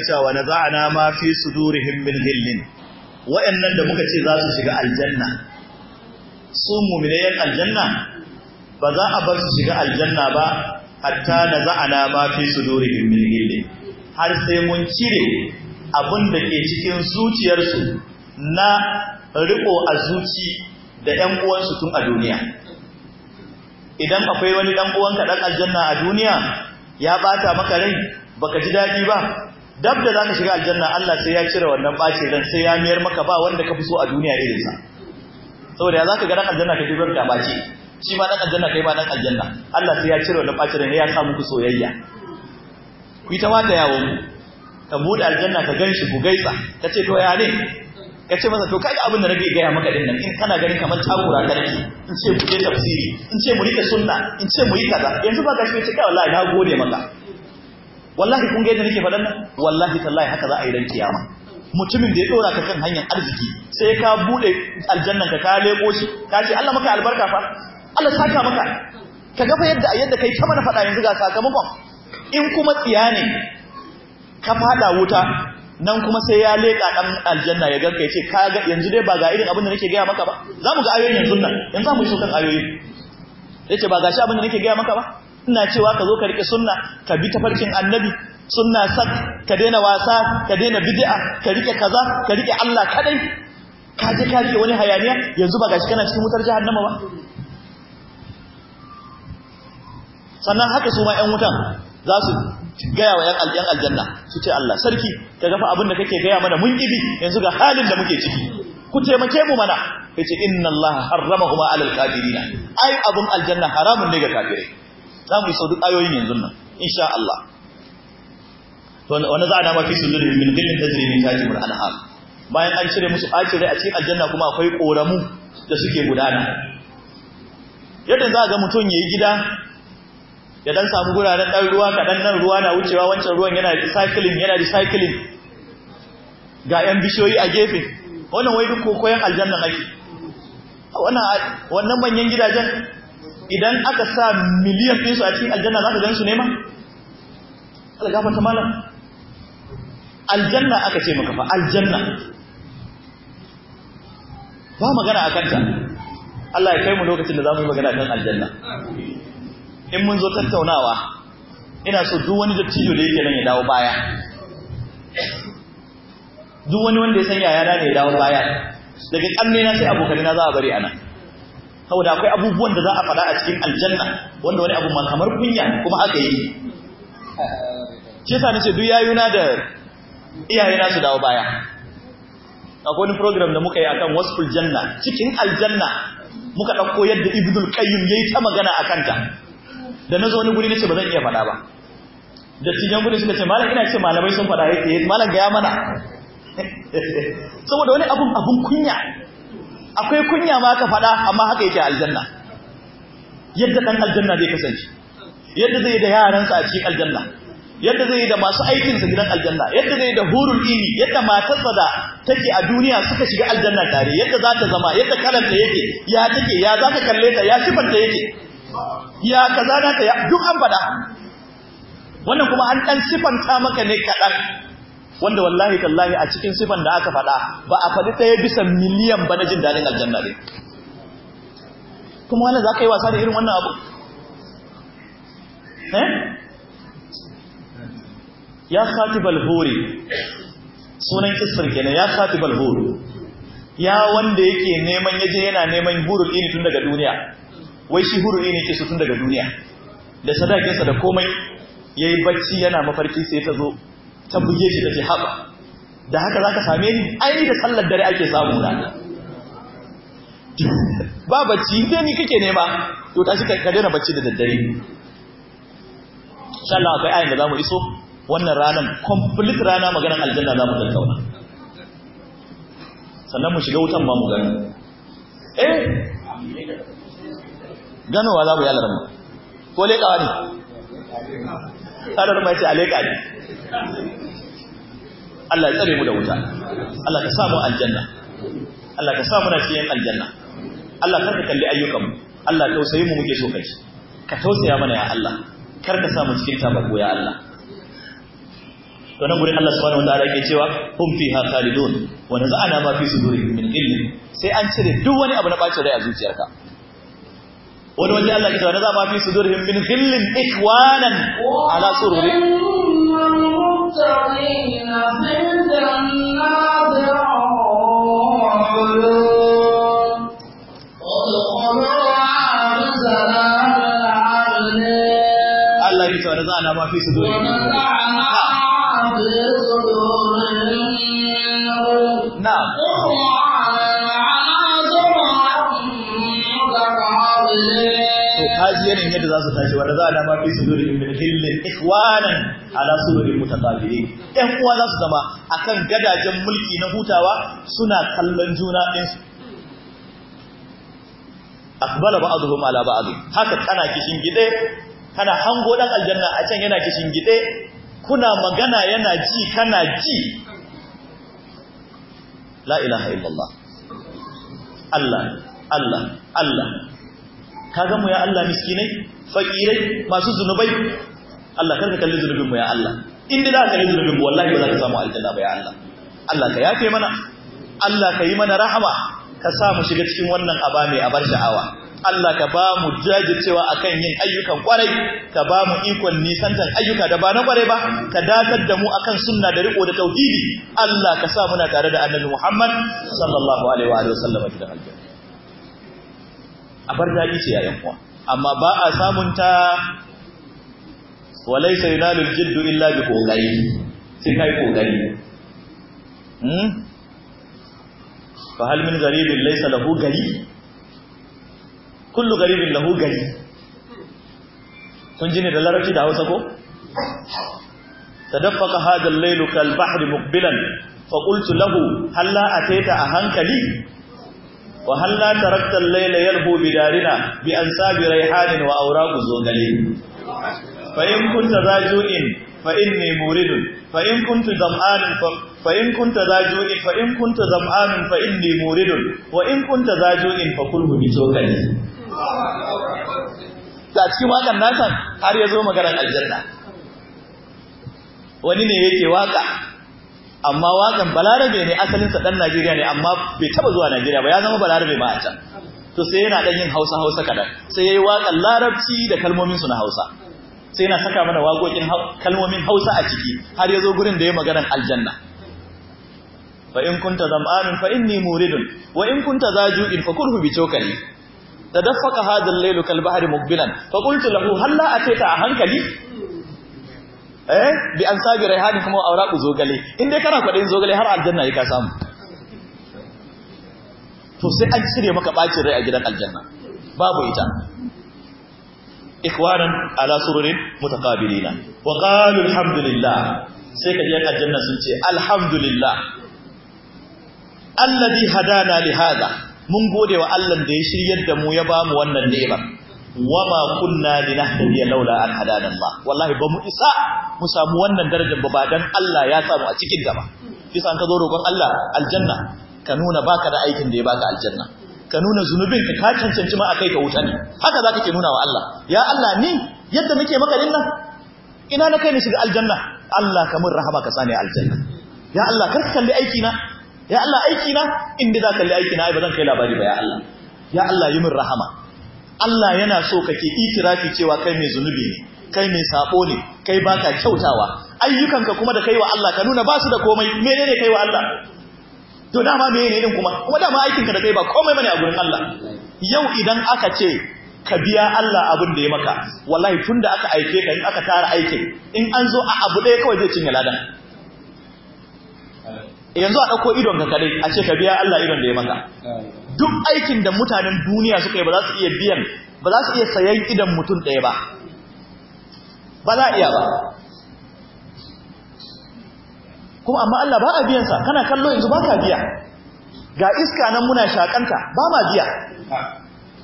cewa na naza'na ma fi sudurihim min hillin wa'annan da muka ce za su shiga aljanna su mu'minai aljanna ba za a bar su shiga aljanna ba hatta na ma fi sudurihim min hillin har sai mun cire abun da ke cikin zuciyarsu na riko a zuci da ƴan uwansu tun a duniya idan akwai wani ɗan uwanka ɗan aljanna a duniya ya ɓata maka rai baka ji daɗi ba dab da ka shiga aljanna Allah sai ya cire wannan bacin ran sai ya miyar maka ba wanda ka fi so a duniya irin sa saboda ya zaka ga dan aljanna ka dubar da baci shi ma dan aljanna kai ma dan aljanna Allah sai ya cire wannan bacin ran ya sa muku soyayya ku yi ta mata yawo ka bude aljanna ka ganshi ku gaisa ka ce to ya ne ka ce masa to kai abin da nake gaya maka din nan in kana ganin kamar takura ka nake in ce ku je tafsiri in ce mu rike sunna in ce mu yi kaza yanzu ba ka shi ce kai wallahi na gode maka wallahi kun ga yadda nake faɗan nan wallahi tallahi haka za a yi ran kiyama mutumin da ya dora ka kan hanyar arziki sai ka bude aljannan ka ka leko shi ka ce Allah maka albarka fa Allah saka maka ka ga fa yadda yadda kai kama na faɗa yanzu ga sakamakon in kuma tsiya ne ka faɗa wuta nan kuma sai ya leka dan aljanna ya ganka ya ce ka ga yanzu dai ba ga irin abin da nake gaya maka ba za mu ga ayoyin yanzu nan yanzu za mu yi so kan Ya yace ba shi abin da nake gaya maka ba ina cewa ka zo ka rike sunna ka bi tafarkin annabi sunna sak ka daina wasa ka daina bid'a ka rike kaza ka rike Allah kadai ka je ka rike wani hayaniya yanzu ba gashi kana cikin wutar jahannama ba sannan haka su ma ƴan wutan za su gaya wa ‘yan aljanna su ce Allah sarki ka gafa abin da kake gaya mana mun gibi yanzu ga halin da muke ciki ku taimake mu mana yace ce inna Allah harrama kuma alal kafirina ai abun aljanna haramun ne ga kafirai za mu yi sau duk ayoyin yanzu nan insha Allah wani za a dama fi su zuri min gillin da zuri min tajin anhar bayan an cire musu ɓacin rai a cikin aljanna kuma akwai ƙoramu da suke gudana yadda za a ga mutum ya yi gida ya dan samu guraren ɗan ruwa kaɗan nan ruwa na wucewa wancan ruwan yana recycling yana recycling ga ‘yan bishiyoyi a gefe wannan wai duk kokoyen aljanna ake wannan manyan gidajen idan aka sa miliyan ɗinsu a cikin aljanna za ka gan su nema? ma? ta malam aljanna aka ce maka fa aljanna ba magana a kanta Allah ya kai mu lokacin da za mu yi magana kan aljanna in mun zo tattaunawa ina so duk wani dattijo da yake nan ya dawo baya duk wani wanda ya san yayana ne ya dawo baya daga na sai abokanina za a bari a nan saboda akwai abubuwan da za a faɗa a cikin aljanna wanda wani abu kamar kunya kuma aka yi shi ne nace duk yayuna da iyayena su dawo baya akwai wani program da muka yi akan wasful janna cikin aljanna muka ɗauko yadda ibnul qayyim yayi ta magana akan ta da nazo wani guri nace ba zan iya faɗa ba da cikin guri suka ce malam ina ce malamai sun faɗa yake malam ga ya mana saboda wani abun abun kunya akwai kunya ma ka faɗa amma haka yake aljanna yadda ɗan aljanna zai kasance yadda zai da yaransa a cikin aljanna yadda zai da masu aikinsa gidan aljanna yadda zai da hurul ilmi yadda matarsa da take a duniya suka shiga aljanna tare yadda za ta zama yadda karanta yake ya take ya za ta kalle ta ya sifanta yake ya kaza na ta duk an faɗa wannan kuma an ɗan sifanta maka ne kaɗan wanda wallahi kallahi a cikin sifan da aka faɗa ba a faɗi ɗaya bisa miliyan ba na jin daɗin aljanna ne kuma wani za ka yi wasa da irin wannan abu eh? ya khati balhuri sunan kisar kenan ya khati balhuri ya wanda yake neman yaje yana neman hurul ini tun daga duniya wai shi hurul ini yake su tun daga duniya da sadakinsa da komai yayi bacci yana mafarki sai ta zo ta buge shi da ce haɓa da haka za ka same ni ai da sallar dare ake samu na ba bacci dai ni kake nema to ta shi ka daina bacci da daddare insha Allah akwai ayin da zamu iso wannan ranar complete rana maganar aljanna zamu tattauna sannan mu shiga wutan ba mu gani eh ganowa za mu yi alarma ko leƙawa ne Harar ma ce leka ne. Allah ya tsare mu da wuta. Allah ka samu aljanna. Allah ka samu na cikin aljanna. Allah kar ka kalli mu Allah tausayi mu muke so kai. Ka tausaya mana ya Allah. Kar ka samu cikin tabako ya Allah. To nan gurin Allah subhanahu ta'ala yake cewa hum fiha khalidun wa naz'ana ma fi sudurihim min ghillin sai an cire duk wani abu na bacin rai a zuciyarka. wani waje Allah ke tsawana za ma fi sudurhim min khillin ikhwanan ala sururi Allah ke tsawana za ma fi sudurhim yanayin yadda za su tashi wanda za a dama fi su zuri min hillin ikwanan ala sururin mutaqabilin ɗan uwa za su zama akan gadajen mulki na hutawa suna kallon juna ɗinsu akbala ba'dhum ala ba'd haka kana kishin gide kana hango dan aljanna a can yana kishin gide kuna magana yana ji kana ji la ilaha illallah Allah Allah Allah ka ga mu ya Allah miskinai fakirai masu zunubai Allah karka kalli zunubin mu ya Allah in da za ka yi zunubin mu wallahi ba za ka samu aljanna ba ya Allah Allah ka yafe mana Allah ka yi mana rahama ka sa mu shiga cikin wannan aba mai abar sha'awa Allah ka ba mu jajircewa akan yin ayyukan kwarai ka ba mu ikon nisantan ayyuka da ba na kwarai ba ka datar da mu akan sunna da riko da tauhidi Allah ka sa muna tare da annabi Muhammad sallallahu alaihi wa sallam a gidan aljanna a bar daɗi ce yayin kuwa amma ba a samun ta walaisa yunalul jiddu illa bi kogari sai kai kogari hmm fa hal min gharibin laysa lahu gari kullu gharibin lahu gari kun ji ne da larabci da Hausa ko tadaffaqa hadha al kal bahri muqbilan fa qultu lahu hal la a hankali wa halla tarakta al-layla yalbu bidarina bi ansabi rayhanin wa awraqu zogale fa in kunta zajuin fa inni muridun fa in kunta zam'an fa in kunta zajuin fa in kunta zam'an fa inni muridun wa in kunta zajuin fa kulhu bi zogale ta cikin wakan nasan har ya zo maganar aljanna wani ne yake waka amma waƙan balarabe ne asalinsa ɗan najeriya ne amma bai taɓa zuwa najeriya ba ya zama balarabe ma a can to sai yana ɗan yin hausa hausa kaɗan sai ya yi waƙan larabci da kalmominsu na hausa sai yana saka mana waƙoƙin kalmomin hausa a ciki har ya zo gurin da ya maganan aljanna fa in kunta zam'anin fa inni muridun wa in kunta zaju'in fa kulhu bi cokali tadaffaqa hadha al-layl kal bahri muqbilan fa qultu lahu hal la atita a hankali eh bi an sabi raihani kuma auraku zogale in dai kana kwadin zogale har aljanna yake samu to sai an cire maka bacin rai a gidan aljanna babu ita ikwanan ala sururin mutaqabilina wa qalu alhamdulillah sai ka je aljanna sun ce alhamdulillah alladhi hadana li hada mun gode wa Allah da ya shiryar da mu ya bamu wannan ni'ima wa ma kunna linahtadiya laula an hadana ba. wallahi ba mu isa mu samu wannan darajar ba dan Allah ya samu a cikin gaba bisa an ka zo roƙon Allah aljanna ka nuna baka da aikin da ya baka aljanna ka nuna zunubin ka ka cancanci ma akai ka wuta ne haka zaka ke nuna wa Allah ya Allah ni yadda muke maka din ina na kai ni shiga aljanna Allah kamar rahama ka sani aljanna ya Allah kar ka kalli aiki na ya Allah aiki na inda za ka kalli aiki na ai ba zan kai labari ba ya Allah ya Allah yi min rahama Allah yana so kake itirafi cewa kai mai zunubi ne kai mai sabo ne kai ba ka kyautawa ayyukanka kuma da kai wa Allah ka nuna ba su da komai ne kai wa Allah to dama ne din kuma kuma dama aikinka da kai ba komai bane a gurin Allah yau idan aka ce ka biya Allah abin da ya maka wallahi da aka aike ka in aka tara aikin in an zo a abu ɗaya kawai zai cinye ladan yanzu a ɗauko idon ka kadai a ce ka biya Allah idon da ya maka duk aikin da mutanen duniya suka yi ba za su iya biyan ba za su iya sayan idan mutum ɗaya ba ba za iya ba kuma amma Allah ba a biyansa kana kallo yanzu ba ka biya ga iska nan muna shakanta ba ma biya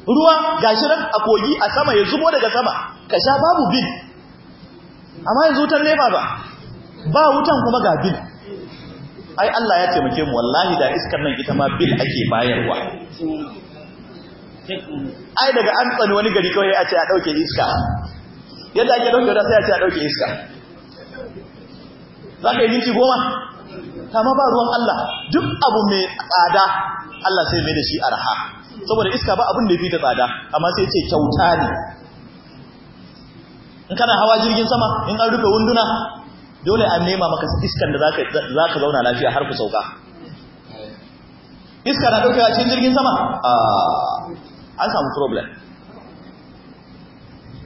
ruwa ga shi a kogi a sama ya zubo daga sama ka sha babu bil amma yanzu wutan nefa ba ba wutan kuma ga bil ai Allah ya taimake mu wallahi da iskar nan ita ma bil ake bayarwa ai daga an tsani wani gari kawai a ce a dauke iska yadda ake dauke da sai a ce a dauke iska za yi minti goma kama ba ruwan Allah duk abu mai tsada Allah sai mai da shi arha saboda iska ba abin da yafi ta tsada amma sai ce kyauta ne in kana hawa jirgin sama in an rufe wunduna dole an nema maka iskan da za ka zauna lafiya har ku sauka iska na ɗauka cikin jirgin sama ah, an samu problem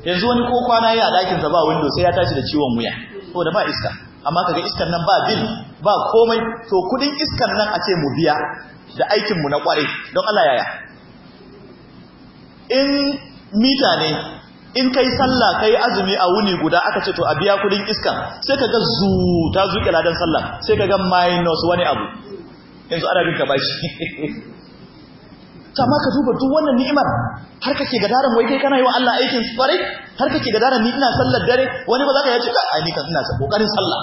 yanzu wani ko kwana yi a dakin ba window sai ya tashi da ciwon wuya to da ba iska amma kaga iskan nan ba bil ba komai to kudin iskan nan a ce mu biya da aikin mu na kware don Allah yaya in mita ne in kai sallah kai azumi a wuni guda aka ce to a biya kudin iskan sai kaga zu ta zuke ladan sallah sai kaga minus wani abu yanzu ana bin ka bashi amma ka duba duk wannan ni'imar har kake daren wai kai kana yi wa Allah aikin kwarai har kake daren ni ina sallar dare wani ba za ka yace ai ni kan ina kokarin sallah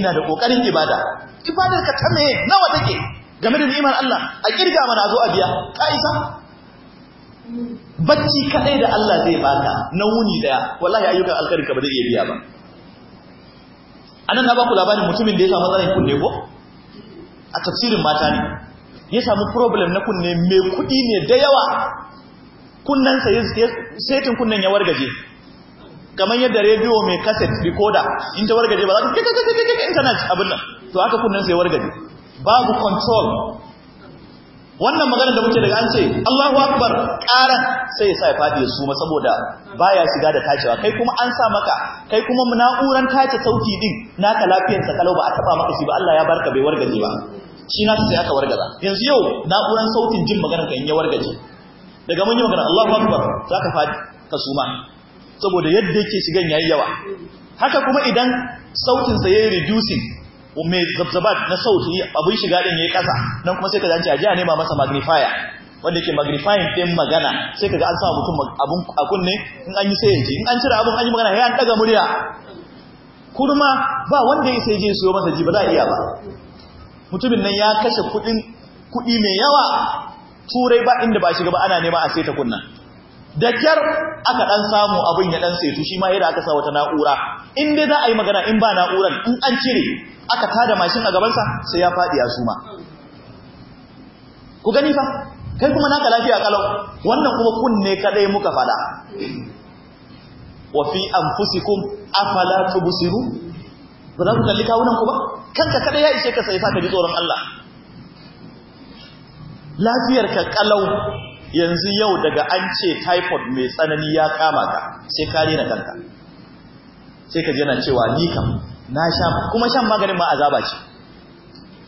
ina da kokarin ibada ibadar ka ta me nawa take game da ni'imar Allah a kirga mana zo a biya ka isa bacci kadai da Allah zai baka na wuni daya wallahi ayyukan alkhairi ka ba zai iya biya ba anan na baku labarin mutumin da ya samu tsarin kunne ko a tafsirin mata ne ya samu problem na kunne mai kudi ne da yawa kunnan sa setin kunnan ya wargaje kamar yadda rediyo mai cassette recorder in ta wargaje ba za ta kika kika kika internet abin nan to haka kunnan sa ya wargaje babu control wannan magana da muke daga an ce Allahu Akbar karan sai ya sa ya fadi su ma saboda baya shiga da tacewa kai kuma an sa maka kai kuma na'uran tace sauti din naka lafiyar sa kalau ba a taba maka shi ba Allah ya barka bai wargaje ba shi na sai aka wargaza yanzu yau na'uran sautin jin magana kan in ya wargaje daga mun yi magana Allahu Akbar zaka fadi ka suma saboda yadda yake shigan yayi yawa haka kuma idan sautin sa yayi reducing mai zabzabat na sauti abin shiga din yayi kasa nan kuma sai ka zance a ji a masa magnifier wanda ke magnifying din magana sai kaga an sa mutum abun a kunne in an yi sai ya in an cire abun an yi magana sai an daga murya kurma ba wanda ya sai je yi masa ji ba za a iya ba mutumin nan ya kashe kudin kudi mai yawa turai ba inda ba shiga ba ana nema a sai ta kunna da kyar aka dan samu abin ya dan saitu shi ma yadda aka sa wata na'ura in dai za a yi magana in ba na'urar in an cire aka tada mashin a gabansa sai ya faɗi a suma ku gani fa kai kuma naka lafiya kalau wannan kuma kunne kadai muka fada wa fi anfusikum afala tubsiru ba za ku kalli kawunan ku ba kanka kadai ya ishe ka sai fa ka ji tsoron Allah lafiyar ka kalau yanzu yau daga an ce typhoid mai tsanani ya kama ka sai ka rena kanka sai ka jana cewa ni kam na sha kuma shan maganin ma azaba ce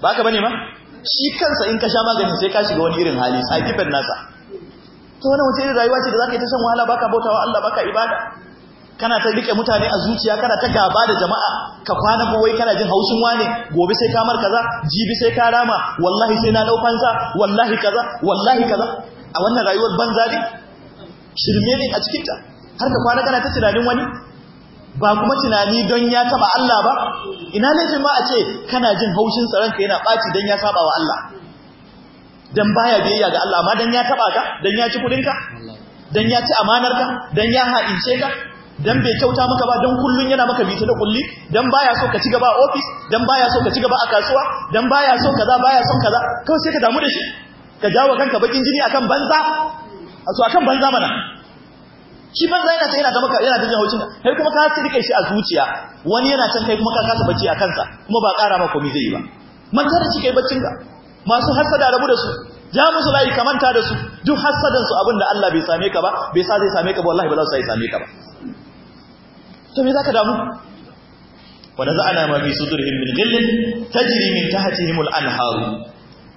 ba ka bane ma shi kansa in ka sha maganin sai ka shiga wani irin hali kifin nasa to wani wuce irin rayuwa ce da zaka yi ta shan wahala baka bautawa Allah baka ibada kana ta rike mutane a zuciya kana ta gaba da jama'a ka kwana wai kana jin haushin wane gobe sai ka kaza jibi sai ka rama wallahi sai na dau fansa wallahi kaza wallahi kaza a wannan rayuwar banza ne shirme ne a cikinta har da kwana kana ta tunanin wani ba kuma tunani don ya taba Allah ba ina laifin ma a ce kana jin haushin tsaron ka yana ɓaci don ya saba wa Allah don baya biyayya ga Allah ma don ya taba ka don ya ci kudinka don ya ci ka, don ya haɗince ka dan bai kyauta maka ba dan kullun yana maka bita da kulli dan baya so ka ci gaba a office dan baya so ka ci gaba a kasuwa dan baya so kaza baya son kaza kawai sai ka damu da shi ka jawo kanka bakin jini akan banza a so akan banza mana shi banza yana tsaye yana ta maka yana ta jin haucin kai kuma ka haske rike shi a zuciya wani yana can kai kuma ka kasa bacci a kansa kuma ba ƙara maka komai zai yi ba man da shi kai baccin ka masu hasada rabu da su ja musu lai kamanta da su duk hasadan su abinda Allah bai same ka ba bai sa zai same ka ba wallahi ba za su sai same ka ba to me zaka damu wa naza'ana ma fi sudurihim min ghillin tajri min tahtihim al anhar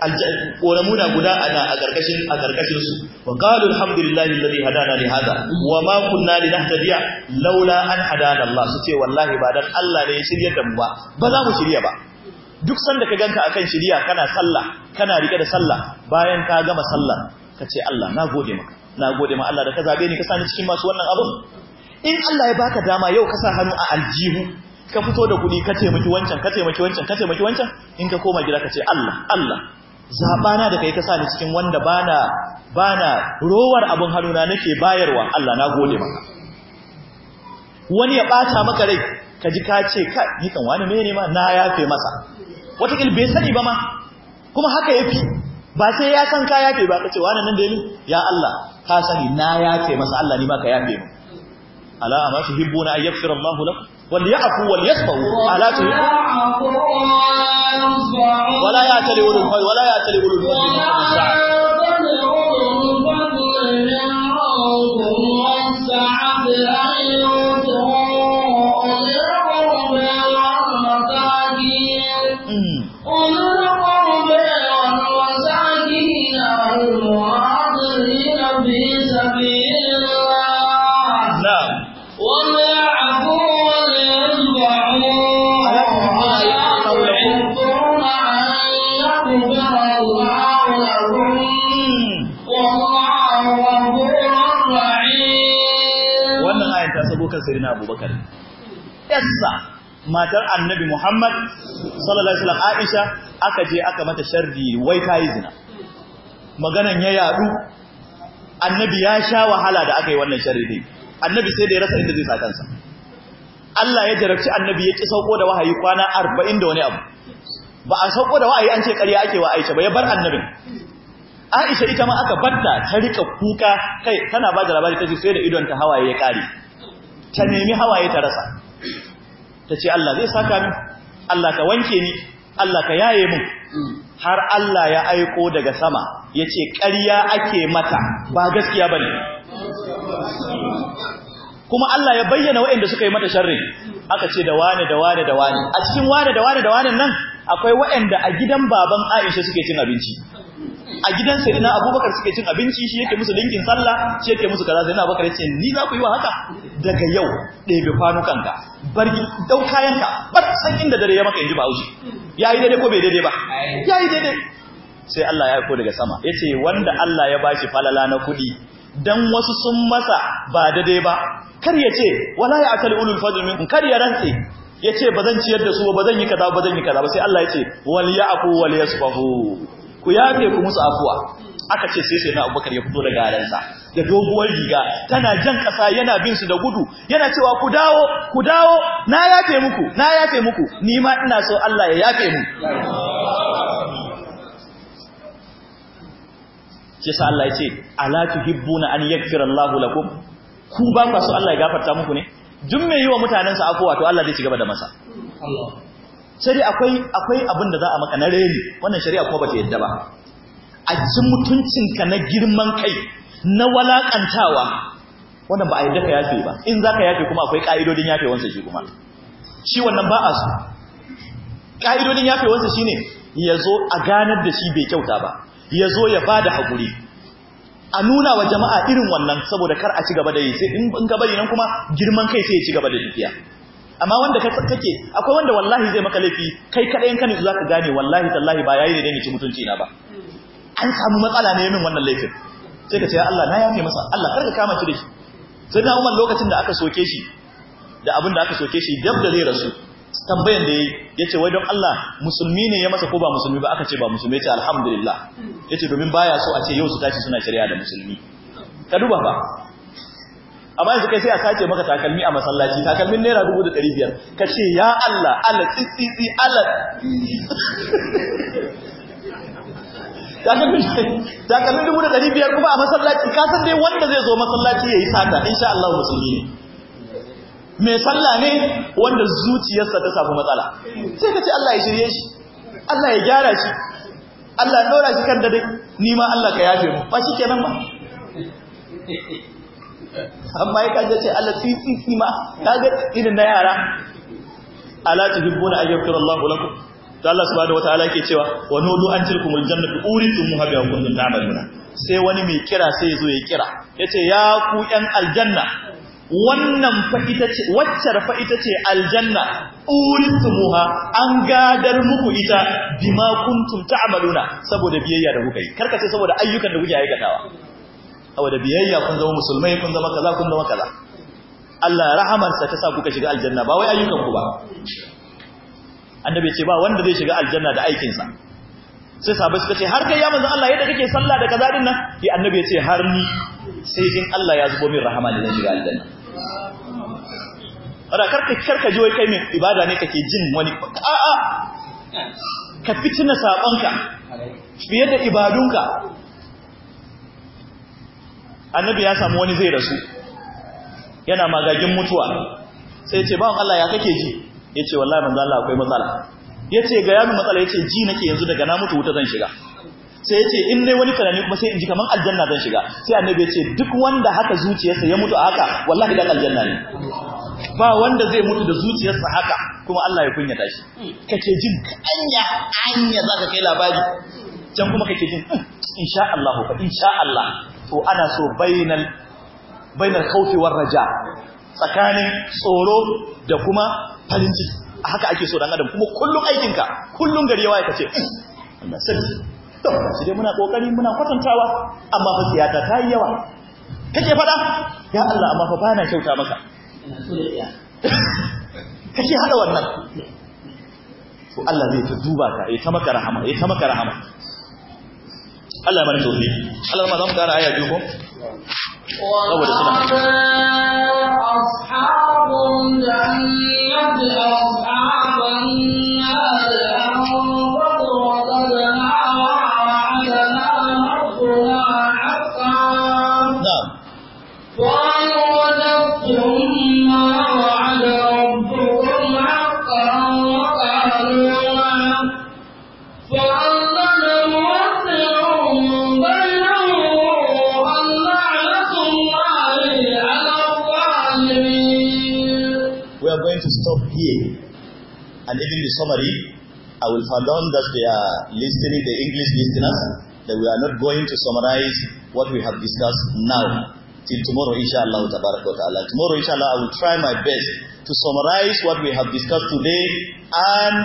ƙoramuna guda ana a ƙarƙashin a ƙarƙashin su wa qalu alhamdulillahi alladhi hadana li hada wa ma kunna linahtadiya laula an hadana Allah su ce wallahi ba dan Allah ne ya da mu ba ba za mu shirya ba duk sanda ka ganka akan shirya kana sallah kana rike da sallah bayan ka gama sallah ka ce Allah na gode maka na gode ma Allah da ka zabe ni ka sani cikin masu wannan abun in Allah ya baka dama yau ka sa hannu a aljihu ka fito da kuɗi ka taimaki wancan ka taimaki wancan ka taimaki wancan in ka koma gida ka ce Allah Allah zabana da kai ka sa cikin wanda bana bana rowar abin hannuna nake bayarwa Allah na gode maka wani ya bata maka rai ka ji ka ce kai ni kan wani ne ma na yafe masa wata bai sani ba ma kuma haka yafi ba sai ya san ka yafe ba ka ce wani nan da ni ya Allah ka sani na yafe masa Allah ni ma ka yafe mu ala amma hibbuna ayyaghfira Allahu lakum وليعفوا وليصفوا ألا تهلكوا ولا يعتلي أولو ولا يأتل أولو ولا منكم والسعة abubakar yassa matar annabi muhammad sallallahu alaihi wasallam aisha aka je aka mata sharri wai ta yi zina maganan ya yadu annabi ya sha wahala da aka yi wannan sharri dai annabi sai da ya rasa inda zai sa kansa Allah ya jarabci annabi ya ci sauko da wahayi kwana 40 da wani abu ba a sauko da wahayi an ce ƙarya ake wa Aisha ba ya bar annabin Aisha ita ma aka batta ta rika kuka kai tana ba da labari ta ce sai da idon ta hawaye ya kare ta nemi hawaye ta rasa ta ce Allah zai saka min Allah ka wanke ni Allah ka yaye mun. har Allah ya aiko daga sama ya ce ƙarya ake mata ba gaskiya ba ne kuma Allah ya bayyana waɗanda suka yi mata sharri aka ce da wane da wane da wane a cikin wane da wane da wane nan akwai waɗanda a gidan baban Aisha suke cin abinci a gidan sai ina abubakar suke cin abinci shi yake musu linkin sallah shi yake musu kaza sai na abubakar ce ni za ku yi wa haka daga yau ɗebe kwanukanka bar dau ka bar san inda dare ya maka yanzu ba haushi yayi daidai ko bai daidai ba yayi daidai sai Allah ya aiko daga sama yace wanda Allah ya bashi falala na kudi dan wasu sun masa ba daidai ba kar ya ce wala ya atal ulul fadl minkum kar ya rantse yace bazan ciyar da su ba bazan yi kaza ba bazan yi kaza ba sai Allah ce wal ya'fu wal yasfahu ku yafe ku musu afuwa aka ce sai sai na abubakar ya fito da garansa. da doguwar riga tana jan ƙasa yana bin su da gudu yana cewa ku dawo ku dawo na yafe muku na yafe muku ni ma ina so Allah ya yafe mu ce sa Allah ya ce ala tuhibbuna an yaghfira Allahu lakum ku ba ku so Allah ya gafarta muku ne duk mai yi wa mutanensa afuwa to Allah zai ci gaba da masa Allah shari'a akwai akwai abin da za a maka na reni wannan shari'a ko bata yadda ba a cikin mutuncinka na girman kai na walakantawa wannan ba a yadda ka yafe ba in zaka yafe kuma akwai ka'idodin yafe wansa shi kuma shi wannan ba a su ka'idodin wansa shine ya zo a ganar da shi bai kyauta ba ya zo ya ba da haƙuri a nuna wa jama'a irin wannan saboda kar a ci gaba da yi sai in ka bari nan kuma girman kai sai ya ci gaba da tafiya amma wanda kake akwai wanda wallahi zai maka laifi kai kaɗayan kanin za ka gane wallahi tallahi ba yayi da dai ci mutunci na ba an samu matsala ne min wannan laifin sai ka ce ya Allah na yafe masa Allah kar ka kama shi da shi sai na Umar lokacin da aka soke shi da abin da aka soke shi dab da zai rasu tambayan da ya ce wai don Allah musulmi ne ya masa ko ba musulmi ba aka ce ba musulmi ya ce alhamdulillah ya ce domin baya so a ce yau su tashi suna shari'a da musulmi ka duba ba amma yanzu kai sai a sace maka takalmi a masallaci takalmin naira dubu da ɗari biyar ka ce ya Allah Allah tsitsitsi Allah takalmin dubu da ɗari biyar kuma a masallaci ka san dai wanda zai zo masallaci ya yi sata sha Allah musulmi ne mai sallah ne wanda zuciyarsa ta samu matsala sai ka ce Allah ya shirye shi Allah ya gyara shi Allah ya ɗora shi kan da dai ni ma Allah ka yafe mu ba shi kenan ba amma ya kaji ce Allah sisi ma kaga irin na yara ala tuhibbuna ayyakura Allahu lakum to Allah subhanahu wataala yake cewa wa nulu an tilkumul jannatu muha bi kuntum ta'maluna sai wani mai kira sai yazo ya kira yace ya ku yan aljanna wannan fa ita ce waccar fa ita ce aljanna muha, an gadar muku ita bima kuntum ta'maluna saboda biyayya da kuka yi karkace saboda ayyukan da kuke aikatawa awa da biyayya kun zama musulmai kun zama kaza kun zama kaza Allah rahamarsa ta sa kuka shiga aljanna ba wai ayyukan ku ba annabi ce ba wanda zai shiga aljanna da aikin sa sai sahabbai suka ce har kai ya manzo Allah yadda kake sallah da kaza din nan sai annabi ya ce har ni sai in Allah ya zubo min rahama da shiga aljanna ana karka karka ji wai kai mai ibada ne kake jin wani a'a ka fitina sabonka fiye da ibadunka annabi ya samu wani zai rasu yana magagin mutuwa sai ce bawan Allah ya kake ji ya ce wallahi manzo Allah akwai matsala ya ce ga yamin matsala ya ce ji nake yanzu daga na mutu wuta zan shiga sai ya ce in dai wani tunani kuma sai in ji kamar aljanna zan shiga sai annabi ya ce duk wanda haka zuciyarsa ya mutu a haka wallahi dan aljanna ne ba wanda zai mutu da zuciyarsa haka kuma Allah ya kunyata shi kace jin anya anya zaka kai labari can kuma kake jin hmm, insha Allah ko insha Allah to ana so bainal bainal khawfi war raja tsakanin tsoro da kuma farin ciki haka ake so dan adam kuma kullun aikinka kullun gari yawa kace mm, Allah sarki to sai dai muna kokari muna kwatantawa amma fa siyata ta yi yawa kake fada ya Allah amma fa bana kyauta maka kake hada wannan to Allah zai ta duba ka ya ta maka rahama ya ta maka rahama Allah mana tawfiq Allah ma zamu kara aya biyu saboda suna ashabun jannati ashaban nar summary, I will pardon that they are listening, the English listeners, that we are not going to summarize what we have discussed now till tomorrow, inshallah, ta'ala. Tomorrow, inshallah, I will try my best to summarize what we have discussed today and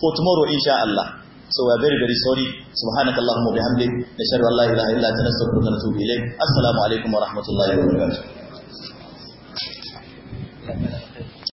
for tomorrow, inshallah. So we are very, very sorry. سبحانك اللهم وبحمدك نشهد أن لا إله إلا أنت نستغفرك ونتوب إليك السلام عليكم ورحمة الله وبركاته